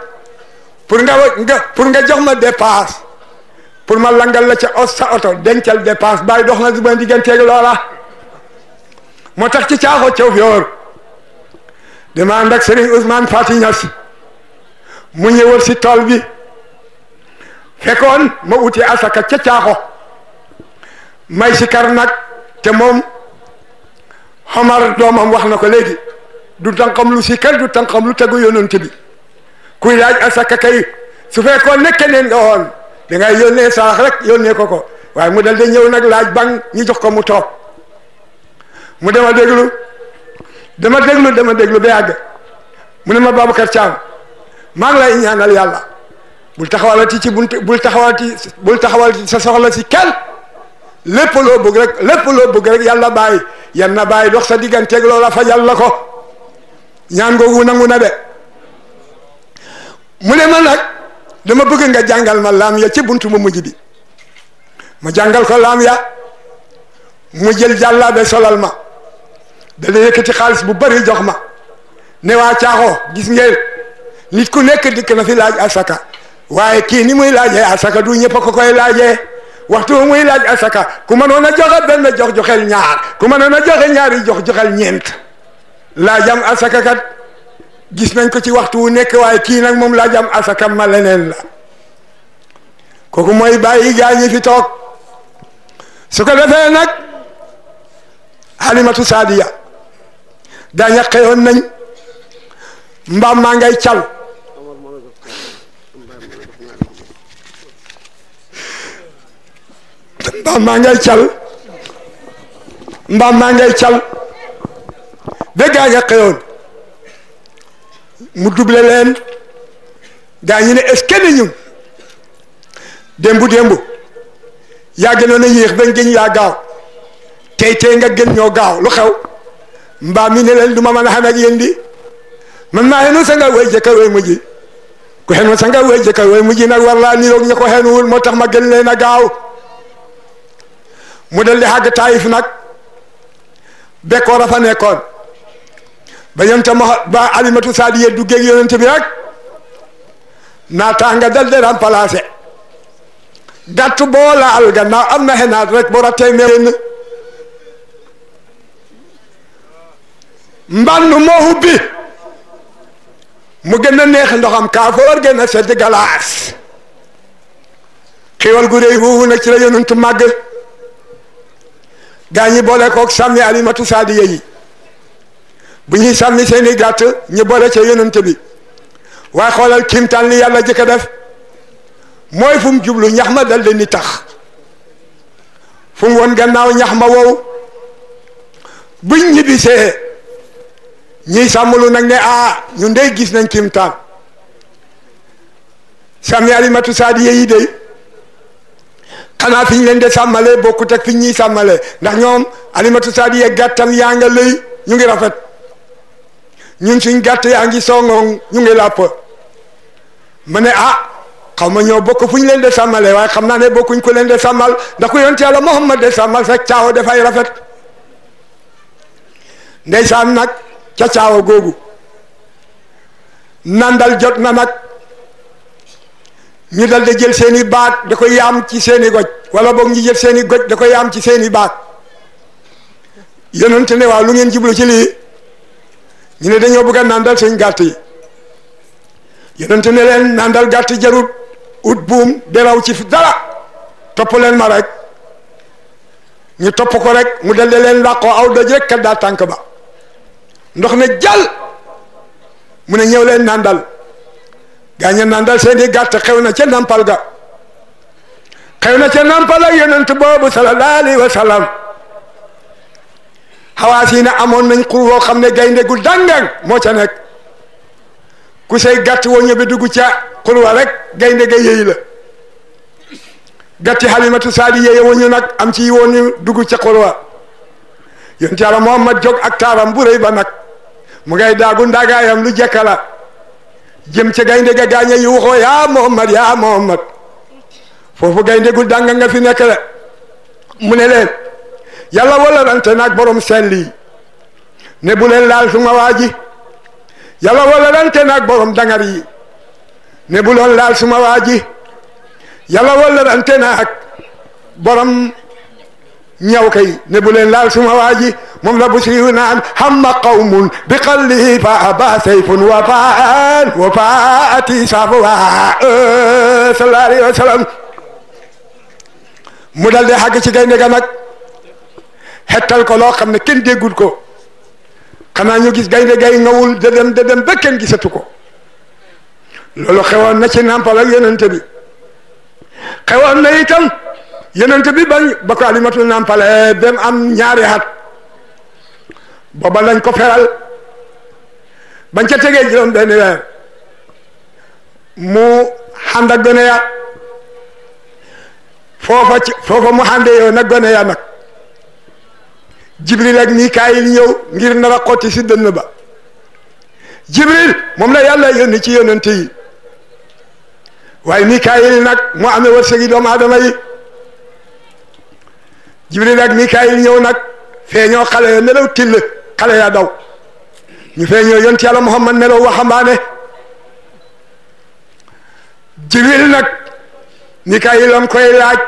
pour nga pour nga jox ma dépasse pour ma langal la ci osta auto dencal dépasse bay dox na di bandi gentek lola moo tax ci caaxo caw yoor dama ànd ak Serigne Ousmane Faty Niass mu ñëwal si tool bi fekkoon ma uti asaka ca caaxo may si kar nag te moom xomar doomam wax na ko léegi du tànqam lu si kar du tànqam lu tegu yonent bi kuy laaj asaka kay su fekkoon ne keneen nga woon da ngay yónnee saax rek yónnee ko ko waaye mu dal de nag laaj bang ñu jox ko mu toog mu dema déglu dama déglu dama déglu ba yàgg mu ne ma Babacar Thiam maa ngi lay ñaanal yàlla bul taxawalati ci buntu bul taxawalati bul taxawalati sa soxla si kenn lépp loo bëgg rek lépp loo bëgg rek yàlla bàyyi yan na baay dox sa digganteeg loola fajal la ko ñaan googu nangu na de mu ne ma nag dama bëgg nga jàngal ma lam ya ci buntu mu mujj bi mu jàngal ko laam ya mu jël jàllaabe solal ma dana yëkkati xaalis bu bëri jox ma ne waa caaxoo gis ngeen nit ku nekk dikk na fi laaj asaka waaye kii ni muy laaj asaka du ñëpp ko koy laajee waxtu muy laaj asaka ku mënoon a joxe benn jox joxel ñaar ku mënoon a joxe ñaari jox joxel ñeent laajam asaka kat gis nañ ko ci waxtu wu nekk waaye kii nag moom laajam asaka ma leneen la kooku mooy bàyyi gaa ñi fi toog su ko defee nag Halimatu Saadiya gaa ña xeyoon nañ mbaam maa ngay cal mbaam maa ngay cal mbaam maa ngay cal ba gaa ña xeyoon mu duble leen gaa ñi ne est ñun démbu démbu yaa gënoon a yéex bañ gën yaa gaaw tey tey nga gën ñoo gaaw lu xew mbaa mi ne leen du ma mën a xam ak man maa xenu sanga way jëkka way mujj ku xenu sanga way jëkka way mujj nag war laa niroog ña ko xenuwul moo tax ma gën leen a gaaw mu dal di taayif nag bekkoor a fa nekkoon ba yonte mo ba alimatu saadiye du géeg yonente bi rek naa tax nga dal de remplacé gàtt boo laal gannaaw am na xenaat rek boo rattee meen mbann moo hubbi mu gën a neex ndoxam kaafoor gën a sedd galaas xiwal gu réy woowu nag ci la yonent màgg gaa ñi boole kook sàmmi alimatu saadiya yi bu ñuy sàmmi seeni gàtt ñu boole ca yonent bi waaye xoolal kiimtaan li yàlla jëkk a def mooy fu mu jublu ñax ma dal di ni tax fu mu woon gannaaw ñax ma wow buñ ñibbisee ñiy sàmmalu nag ne ah ñun dey gis nañ kimtaan sàmmi alimatu saadiya yi dey xanaa fi leen de sàmmale bokkut ak ñuy sàmmale ndax ñoom alimatu saadiya gàttam yaa nga lëy ñu ngi rafet ñun suñ gàtt yaa ngi songoon ñu ngi làpp mu ne ah xaw ma ñoo bokk fu leen de sàmmale waaye xam naa ne bokkuñ ku leen de sàmmal ndax ku yonent Yàlla Muhammad de sàmmal fekk caaw dafay rafet ndeysaan nag ca caawa googu nàndal jot na nag ñu dal jël seeni baat da ko yaam ci seeni goj wala boog ñu jël seeni goj da ko yaam ci seeni baat yonente waaw lu ngeen jublu ci lii ñu ne dañoo bëgg a nandal seen gàtt yi yonente ne leen nandal gàtt jarut ut buum deraw ci dara topp leen ma rek ñu topp ko rek mu dal da leen làqoo aw doj rek kat daa tànk ba ndox mi jàll mu ne ñëw leen nandal gaañe nandal seen i gàtt xew na ca nampal ga xew na ca nampal ak yonent boobu sallallahu alayhi wa sallam xawaas yi ne amoon nañ xur woo xam ne gaynde gu dangang moo ca nekk ku say gàtt woo ñëbe dugg ca xur rek gaynde ga yéy la gàtti xalimatu saadi yéye woñu nag am ci woon ñu dugg ca xur wa yonent yàlla Muhammad jóg ak taaram bu rëy ba nag mu ngay daagu ndagaayam lu jekkala jëm ca gaynde ga gaañe yi waxoo yaa Muhammad yaa Muhammad foofu gaynde gu danga nga fi nekk mu ne leen yalla wala rante naag borom sell yi ne bu leen laal suma waa ji yàlla wala borom dangar yi ne bu leen laal suma waa ji yàlla wala rante naag borom ñaw bu leen laal moom la Busiri naan hamma qawmun bi qallihi fa aba sayfun wa faan wa faati safwa sallallahu alayhi wa sallam mu dal di xàgg ci gaynde ga nag xettal ko loo xam ne kenn déggul ko xanaa ñu gis gaynde gay ngawul da ba kenn gisatu ko loolu xewoon na ci nàmpal ak yonent bi xewoon na itam yonent bi bañ ba ko alimatu nàmpale eh, bem am ñaari at booba lañ ko feral bañ ca tegee juróom benn weer mu xànd ak foofa foofa mu xànde yow nag gone ya nag jibril ak mikaayil ñëw ngir na a xotti si dënn ba jibril moom la yàlla yónni ci yónnante yi waaye mikaayil nag mu amee wërsëgi doomu aadama yi jibril ak mikaayil ñëw nag fee ñoo xale yo nelaw till xale yaa daw ñu fee ñëw yonti yàlla muhammad meloo waxambaane jibril nag mikaayil am koy laaj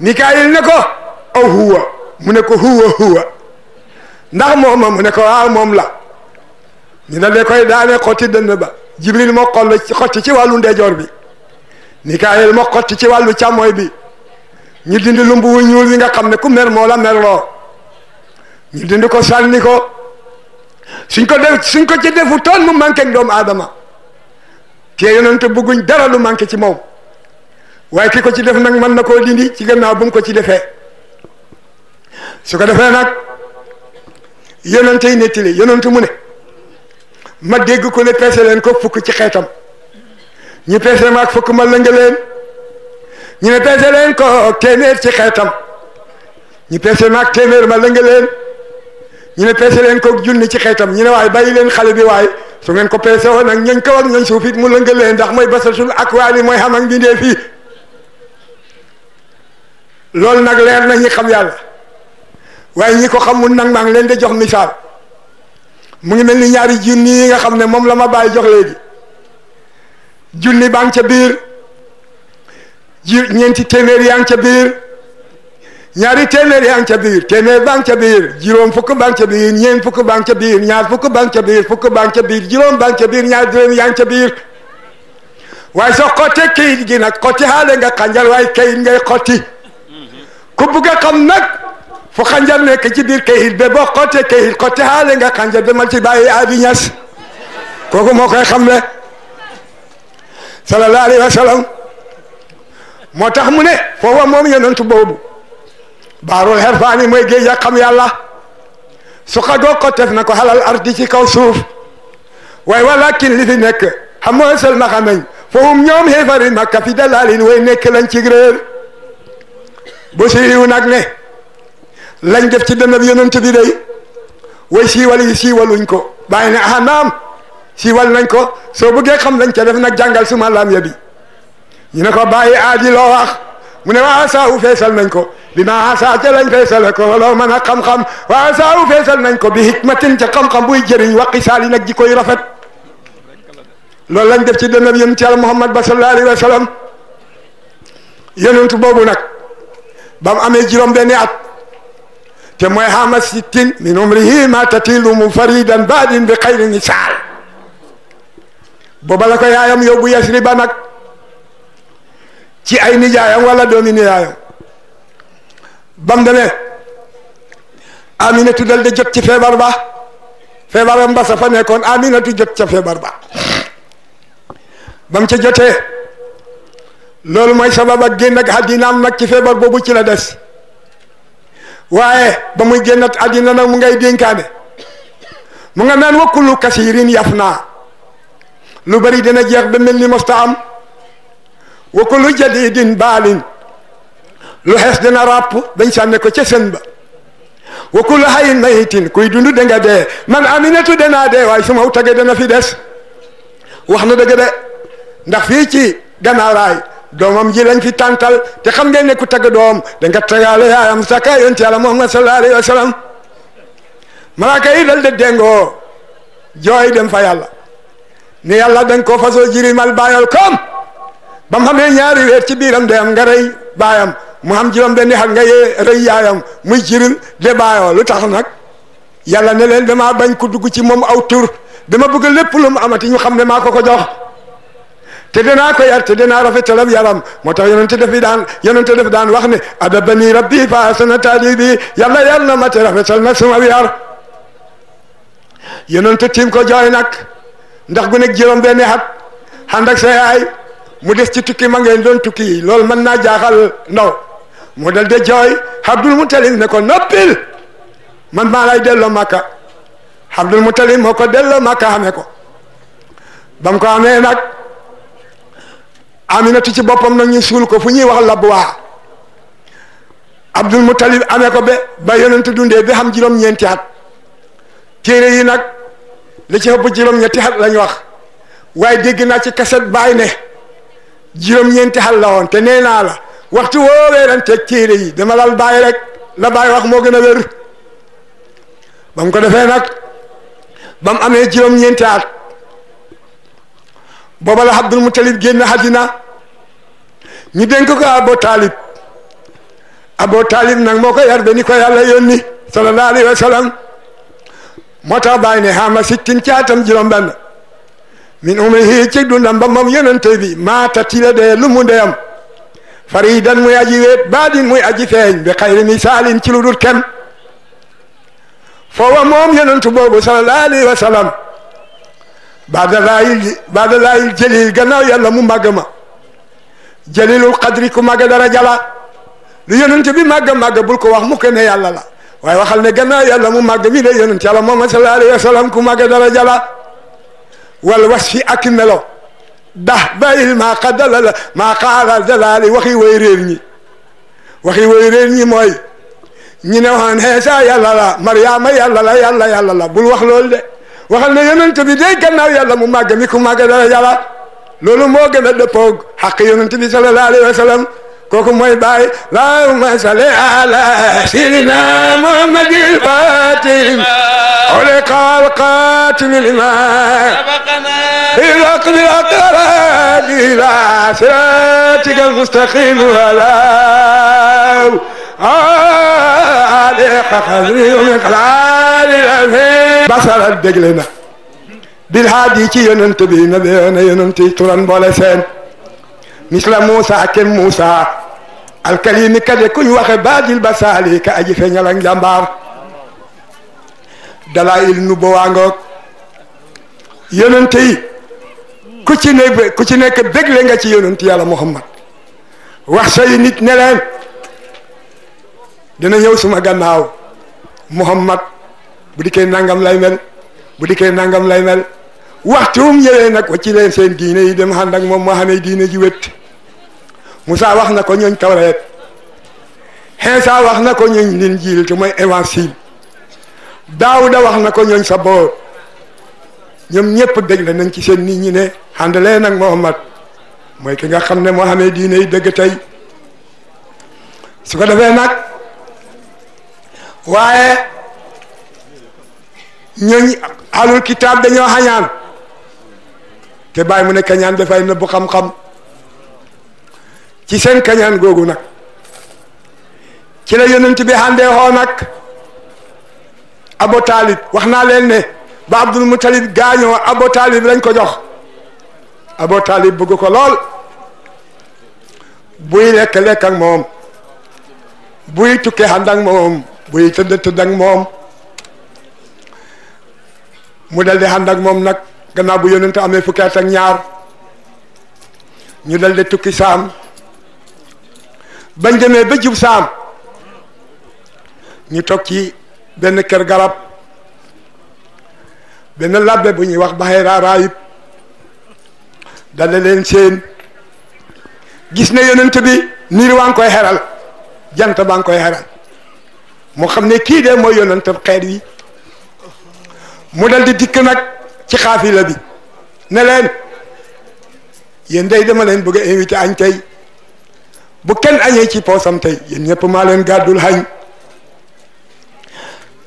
mikaayil ne ko aw huwa mu ne ko huwa huwa ndax mooma mu ne ko waaw moom la ñu ne da koy daane xotti dënn ba jibril moo xoll xotti ci wàllu ndejoor bi mikaayil moo xotti ci wàllu càmmooy bi ñu dindi lumbu wu ñuul yi nga xam ne ku mer moo la merloo ñu dindi ko sànni ko suñ ko def suñ ko ci defu toon mu manqué ak doomu aadama te yonente bëgguñ dara lu manqué ci moom waaye ki ko ci def nag mën na koo dindi ci gannaaw bu ko ci defee su ko defee nag yonente yi nettali yonente mu ne ma dégg ko ne peese leen ko fukk ci xeetam ñu peese ma ak fukk ma lënga leen ñu ne peese leen ko téeméer ci xeetam ñu peese ma ak téeméer ma lënga leen ñu ne peese leen ko junni ci xeetam ñu ne waaye bàyyi leen xale bi waaye su ngeen ko peese woon nag ñañ kaw ak ñañ suuf it mu lënga leen ndax mooy basasul ak waali mooy xam ak bindee fii nag leer na ñi xam yàlla waaye ñi ko xamul nag maa ngi leen di jox misaal mu ngi mel ni ñaari junni yi nga xam ne moom la ma bàyyi jox léegi junni baa ngi ca biir ju ñeenti téeméer yaa ngi ca biir ñaari téeméer yaa ngi ca biir téeméer baa ngi juróom fukk baa ngi ca biir ñeent fukk baa ngi ñaar fukk baa ngi fukk baa ngi ca biir biir ñaar juróom yaa ca biir waaye soo xottee kayit gi nag xotti xaale nga xanjar waaye kayit ngay xotti ku bugg nag fu xanjar nekk ci biir kayit be boo xottee kayit xotti xaale nga xanjar demal ci bàyyi abi ñas kooku moo koy xam le sallallahu alayhi wa moo tax mu ne foofa moom yonentu boobu baarul xerfaani mooy géej ya xam yàlla su ko doog ko tef na ko xalal ardi ci kaw suuf waaye walakin li fi nekk xam nga sel ma xamañ foofu ñoom xeefari makka fi dalaalin way nekk lañ ci réer bu siiw nag ne lañ def ci dënab yonent bi day way siiwal yi siiwaluñ ko bàyyi ne ah naam siiwal nañ ko soo bëggee xam lañ ca def nag jàngal suma lam ya bi ñu ne ko bàyyi aadi loo wax mu ne waa saa feesal nañ ko bi ma saa ca lañ feesale ko loo feesal nañ ko bi hikmatin ca xam-xam buy jëriñ waqi saali nag ji koy rafet loolu lañ def ci dënab yéen ci yàlla Muhammad ba sallallahu alayhi wa sallam boobu nag ba mu amee juróom benni at te mooy xaama sittin min umrihi ma tatilu mufaridan baadin bi xayri nisaal booba la ko yaayam yóbbu Yasriba nag ci ay nijaayam walla doomi nijaayam bam demee Aminatu dal de jot ci feebar ba feebaram ba sa fa nekkoon Aminatu jot ca feebar ba bam ca jotee loolu mooy sabab ak génn ak àddinaam nag ci feebar boobu ci la des waaye ba muy génnat àddina nag mu ngay dénkaane mu nga naan wa kullu kasirin yaf naa lu bari dina jeex ba mel ni mosta am wa kullu jadidin baalin lu xees dina ràpp dañ sànne ko ca sën ba wa kullu hayin mayitin kuy dund da nga dee man aminatu danaa dee waaye su ma tage dana fi des wax na dëgg de ndax fii ci gannaaw raay doomam ji lañ fi tàntal te xam ngeen ne ku tagg doom da nga tagaale yaayam saka yonent yàlla Muhammad sallallahu alayhi wa sallam malaaka yi de déngoo jooy dem fa yàlla ni yàlla da nga koo fasoo jirimal bàyyol koom ba mu xamee ñaari weer ci biiram am nga rey baayam mu xam juróom benni xat nga yee rëy yaayam muy jiril de baayoo lu tax nag yàlla ne leen damaa bañ ko dugg ci moom aw tur dama bëgg lépp lu mu amati ñu xam ne maa ko ko jox te danaa ko yar te danaa rafetalam yaram moo tax yonente def bi daan yonente def daan wax ne adabani rabbi fa asana taadibi yàlla yar na ma te rafetal na suma yar yonente tiim ko jooy nag ndax gu nekk juróom benni xat xànd ak mu des ci tukki ma ngeen doon tukki yi loolu mën naa jaaxal ndaw mu dal de jooy Abdul Mutalib ne ko noppil man maa lay delloo Makka Abdul Mutalib moo ko delloo Makka amee ko bam mu ko amee nag Aminatu ci boppam nag ñu suul ko fu ñuy wax Labwa Abdul Mutalib amee ko ba ba yonent dundee ba xam juróom-ñeenti at téere yi nag li ci ëpp juróom-ñetti at lañ wax waaye dégg naa ci kaset baay ne. juróom-ñeenti xal la woon te nee naa la waxtu woo weeranteeg téere yi dema lal bàyyi rek la bàyyi wax moo gën a wér ba ko defee nag ba amee juróom-ñeenti at booba la Abdul Mutalib génn àddina ñu dénk ko Abo Talib Abo Talib nag moo ko yar ba ni ko yàlla yónni sallallahu alayhi wa sallam moo tax bàyyi ne xaama sittin caatam juróom-benn min umrihi ci dundam ba moom yonent bi maata ci la dee lu mu deyam faridan muy aji wéet baadin muy aji feeñ bi xayri misaalin ci lu dul kenn foowa moom yonent boobu sallallahu alayhi wa sallam baadalaayil baadalaayil jëlil gannaaw yàlla mu màgg ma jëlilul xadri ku màgg dara jala lu yonent bi màgg màgg bul ko wax mu ko ne yàlla la waaye waxal ne gannaaw yàlla mu màgg mi de yonent yàlla moom sallallahu alayhi wa ku màgg dara jala والوصف أكمله ده بايه ما قدل ما قال الدلالي وخي ويريني وخي ويريني موي نينوهان هيسا يالالا مريام يالالا يالالا يالالا بول وخلول ده وخلنا يونن تبي دي كناو يالا مماغمي كماغدالا يالا لولو موغم الدفوق حق يونن تبي صلى الله عليه وسلم كوكو موي باي اللهم صل على سيدنا محمد الفاتن ولقاء القاتل الماء سبقنا في وقت الى صراطك المستقيم ولا عليك خزي ومن خلال الامين بصر الدجلنا بالهادي كي ينتبه نبينا ينتبه تران بولسين مثل موسى كم موسى alkalimi kade kuñ waxe baadil ba saali ka aji feeñal ak njàmbaar dalaa il nu bowaa ngoog yonente yi ku ci ne ku ci nekk bégle nga ci yonent yàlla muhammad wax say nit ne dina ñëw suma gannaaw muhammad bu dikkee nangam lay mel bu dikkee nangam lay mel waxtuum ñëwee nag wa ci leen seen diine yi dem ànd ak moom xam ne diine ji wét Moussa wax na ko ñooñ tawreet Xeesa wax na ko ñooñ linjiil te mooy évangile Daawuda wax na ko ñooñ sa saboor ñoom ñëpp dégg la nañ ci seen nit ñi ne àndalee nag Muhammad mooy ki nga xam ne moo xamee diine yi dëgg tey su ko defee nag waaye ñooñ alul kitaab dañoo xañaan te bàyyi mu ne kañaan dafay nëbbu xam-xam ci seen kañaan googu nag ci la yonent bi xàndee xoo nag Abu Talib wax naa leen ne ba Abdul Mutalib gaañoo Abu Talib lañ ko jox Abu Talib bëgg ko lool buy lekk lekk moom buy tukkee xànd ak moom buy tëdd tëdd moom mu dal di xànd moom nag gannaaw bu yonent amee fukki at ak ñaar ñu dal di tukki saam bañ démé ba djub sam ñu tok ci ben kër garab ben labbe bu ñuy wax bahira raib dala leen seen gis na yonent bi nir wa ngoy héral jant ba ngoy héral mo xamné ki de mooy yonent xeet wi mu dal di dik nak ci xaafila bi ne len yéen day dama len bëgg invité añ tay bu kenn añee ci poosam tey yéen ñëpp maa leen gàddul hañ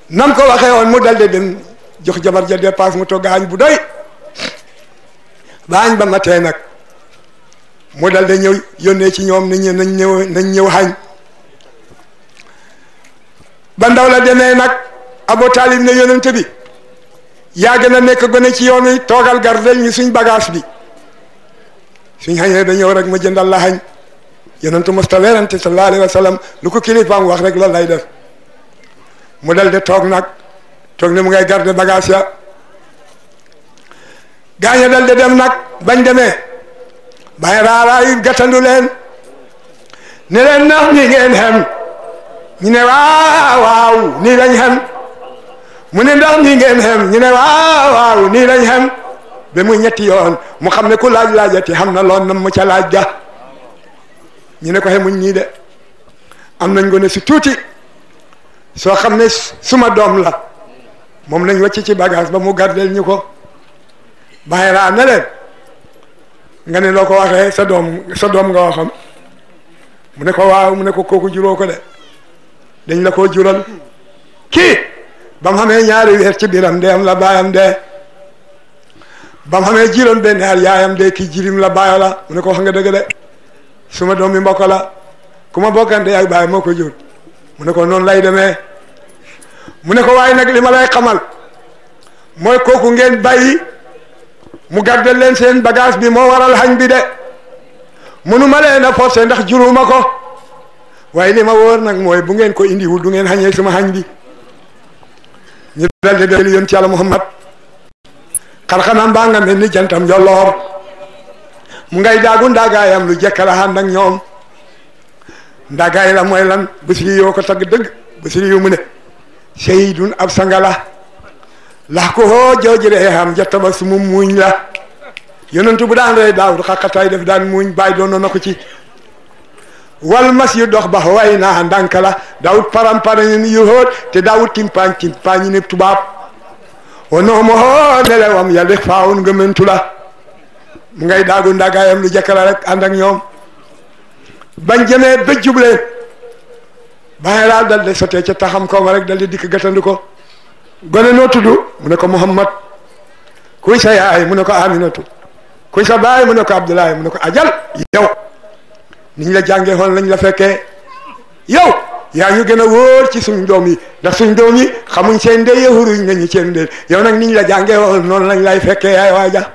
nam ko waxee woon mu dal de dem jox jabar ja dépasse mu togg añ bu doy baañ ba matee nag mu dal ñëw yónnee ci ñoom nañ ñëw nañ ñëw nañ ñëw hañ ba ndaw la demee nag Abu Taalib ne yonent bi yaa gën a nekk gone ci yoon toogal gardel ñu suñ bagage bi suñ hañee dañëw rek ma jëndal la hañ yonentu musta weerante sallallahu alayhi wa sallam lu ko kilifaam wax rek loolu lay def mu dal de toog nag toog ne mu ngay garde bagage ya gaa dem nag bañ demee bay raaraayu gàttandu leen ne leen nax ñi ngeen xem ñu ne waaw waaw nii lañ xem mu ne ndax ñi ngeen xem ñu ne waaw waaw nii lañ xem ba mu ñetti yoon mu xam ne ku laaj laajati xam na loon na mu ca laaj ga ñu ne ko xe muñ ñii de am nañ ko ne si tuuti soo xam ne suma doom la moom lañ wàcc ci bagage ba mu gardel ñu ko bàyyi laa ne leen nga ne loo ko waxee sa doom sa doom nga waxam mu ne ko waaw mu ne ko kooku juróo ko de dañ la koo jural kii ba mu xamee ñaari weer ci biram ndeyam la baayam dee ba mu xamee jiroon benn yaayam dee kii jirim la baayo la mu ne ko wax nga dëgg de suma doom bi mbokkola la ku ma bokkante ak baay moo ko jur mu ne ko noonu lay demee mu ne ko waaye nag li ma lay xamal mooy kooku ngeen bàyyi mu gardel leen seen bagage bi moo waral xañ bi de munu ma leen a forcé ndax juruma ko waaye li ma wóor nag mooy bu ngeen ko indiwul du ngeen xañee suma xañ bi ñu daldi def yoon ci yàlla Muhammad xarxanam baa nga mel ni jantam jolloor mu ngay daagu ndagaayam lu jekk la ànd ñoom ndagaay la mooy lan Busiri yoo ko tagg dëgg Busiri yu mu ne seydun ab sangala lax ko hoo joojiree am jattaba su mu muuñ la yonentu bu daan rey daawud xaqataay def daan muuñ bàyyi doon na ko ci wal mas yu dox ba way naa ndànk la daawud parampara yu hóot te daawud timpaañ timpaañ ne tubaab o hoo nelewam yàlla faawun ngëmentu la mu ngay daagu ndagaayam lu jëkk rek ànd ak ñoom bañ jëmee ba jublee bàyyi daal dal di sotee ca taxam kooma rek dal di dikk gàttandu ko gone noo tudd mu ne ko Muhammad kuy sa yaay mu ne ko Aminatu kuy sa baay mu ne ko Abdoulaye mu ne ko ajal yow ni la jàngee woon lañ la fekkee yow yaa ñu gën a ci suñ doom yi ndax suñ doom yi xamuñ seen ndey yahuruñ nañu seen ndey yow nag ni ñu la jàngee noonu lañ lay fekkee yaay waaja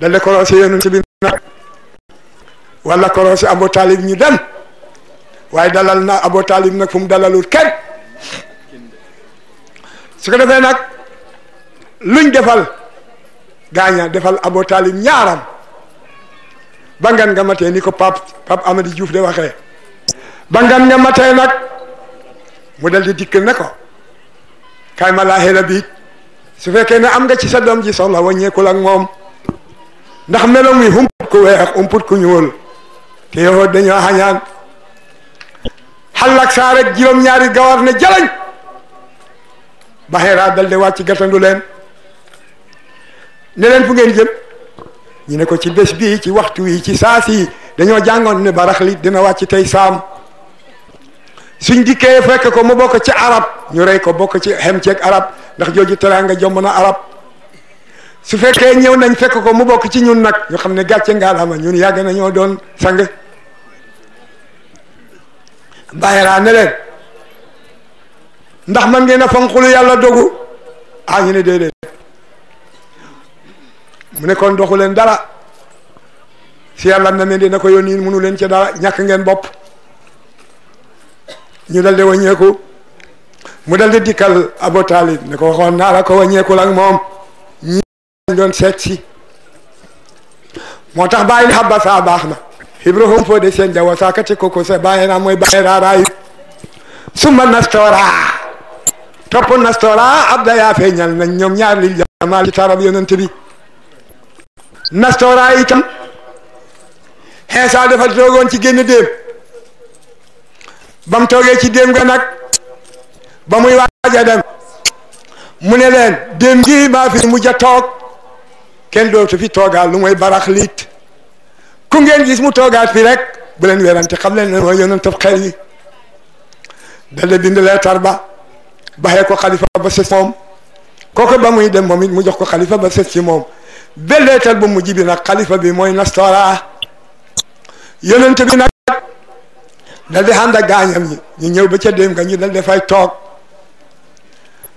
dale korose yonent bi nag wala korose aboo Talib ñu dem waaye dalal na Abu Talib nag fu mu dalalul kenn su ko defee nag luñ defal gaaña defal Abu Talib ñaaram ba ngan nga matee ni ko pap pap Amady Diouf de waxee ba ngan nga matee nag mu dal di dikk ne ko kay ma laa xela biit su fekkee ne am nga ci sa doom ji soxla wàññeekul ak moom ndax meloom wi humput ku weex humput ku ñuul te yow dañoo xañaan xallak saa rek juróom-ñaari gawar ne jalañ baxeeraa dal de wàcc gàttandu leen ne leen fu ngeen jëm ñu ne ko ci bés bi ci waxtu wi ci saas yi dañoo jàngoon ni barax li dina wàcc tey saam suñ dikkee fekk ko mu bokk ci arab ñu rey ko bokk ci xem ceeg arab ndax jooju teraanga jomb na arab su fekkee ñëw nañ fekk ko mu bokk ci ñun nag ñu xam ne gàcce ngaalaama ñun yàgg nañoo doon sang bàyyiraa ne leen ndax man ngeen a fanqulu yàlla dogu ah ñu ne déedéet mu ne kon doxu leen dara si yàlla na mel dina ko yoon yi munu leen ci dara ñàkk ngeen bopp ñu dal di wàññeeku mu dal di dikkal Abu Talib ko waxoon naa ko wàññeekul ak moom doon seet moo tax bàyyi habba saa baax na ibrahim fo de seen jawa saa koko sa bàyyi naa mooy bàyyi raaraayu summa nastora topp nastora abda yaa feeñal nañ ñoom ñaar lil jamaal ci tarab yonent bi nastora itam xeesa dafa toogoon ci génn déem bam toogee ci déem ga waaja dem mu ne leen déem gi maa fi mujj a toog kenn dootu fi toogaal lu mooy baraxliit ku ngeen gis mu toogaat fi rek bu leen werante xam leen ne mooy yonentab xel yi dalde bind leetar ba baxee ko xalifa ba ses moom kooku ba muy dem moom it mu jox ko xalifa ba ses ci moom ba leetar bu mu jibi nag xalifa bi mooy nastora yonent bi nag daldi ànd ak gaañam ñi ñu ñëw ba ca dem nga ñu daldi fay toog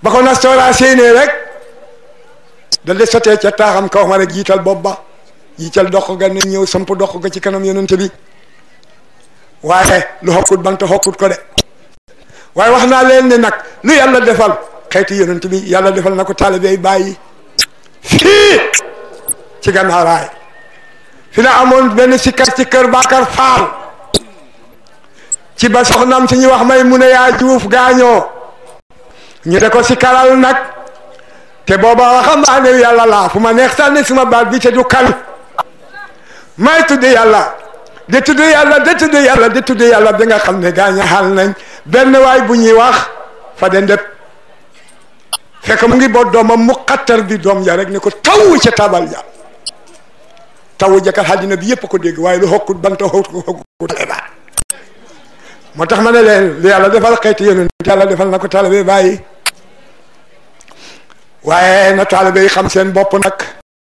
ba ko nastora séenee rek daldi sotee ca taaxam ka Omar jiital bopp ba jiital dox ga ne ñëw samp dox ga ci kanam yonent bi waaye lu xokkut bant xokkut ko de waaye wax naa leen ne nag lu yàlla defal xeeti yonent bi yàlla defal na ko taalibey bàyyi fii ci gannaaraay fi la amoon benn sikkar ci kër Bakar Faal ci ba soxnaam suñuy wax may mu ne yaa juuf gaañoo ñu de ko sikkaral nag te booba waxambaane yàlla laa fu ma neex sànni suma baat bi ca du kal may tudd yàlla di tudd yàlla di tudd yàlla di tudd yàlla bi nga xam ne gaaña xal nañ benn waay bu ñuy wax fa de ndëpp fekk mu ngi boot doomam mu xattar bi doom ja rek ne ko taw ca tabal ja taw jakal àddina bi yëpp ko dégg waaye lu xokkut banta xokkut ba moo tax ma ne leen lu yàlla defal xeeti yonent yàlla defal na ko talibé bàyyi waaye na taalibe yi xam seen bopp nag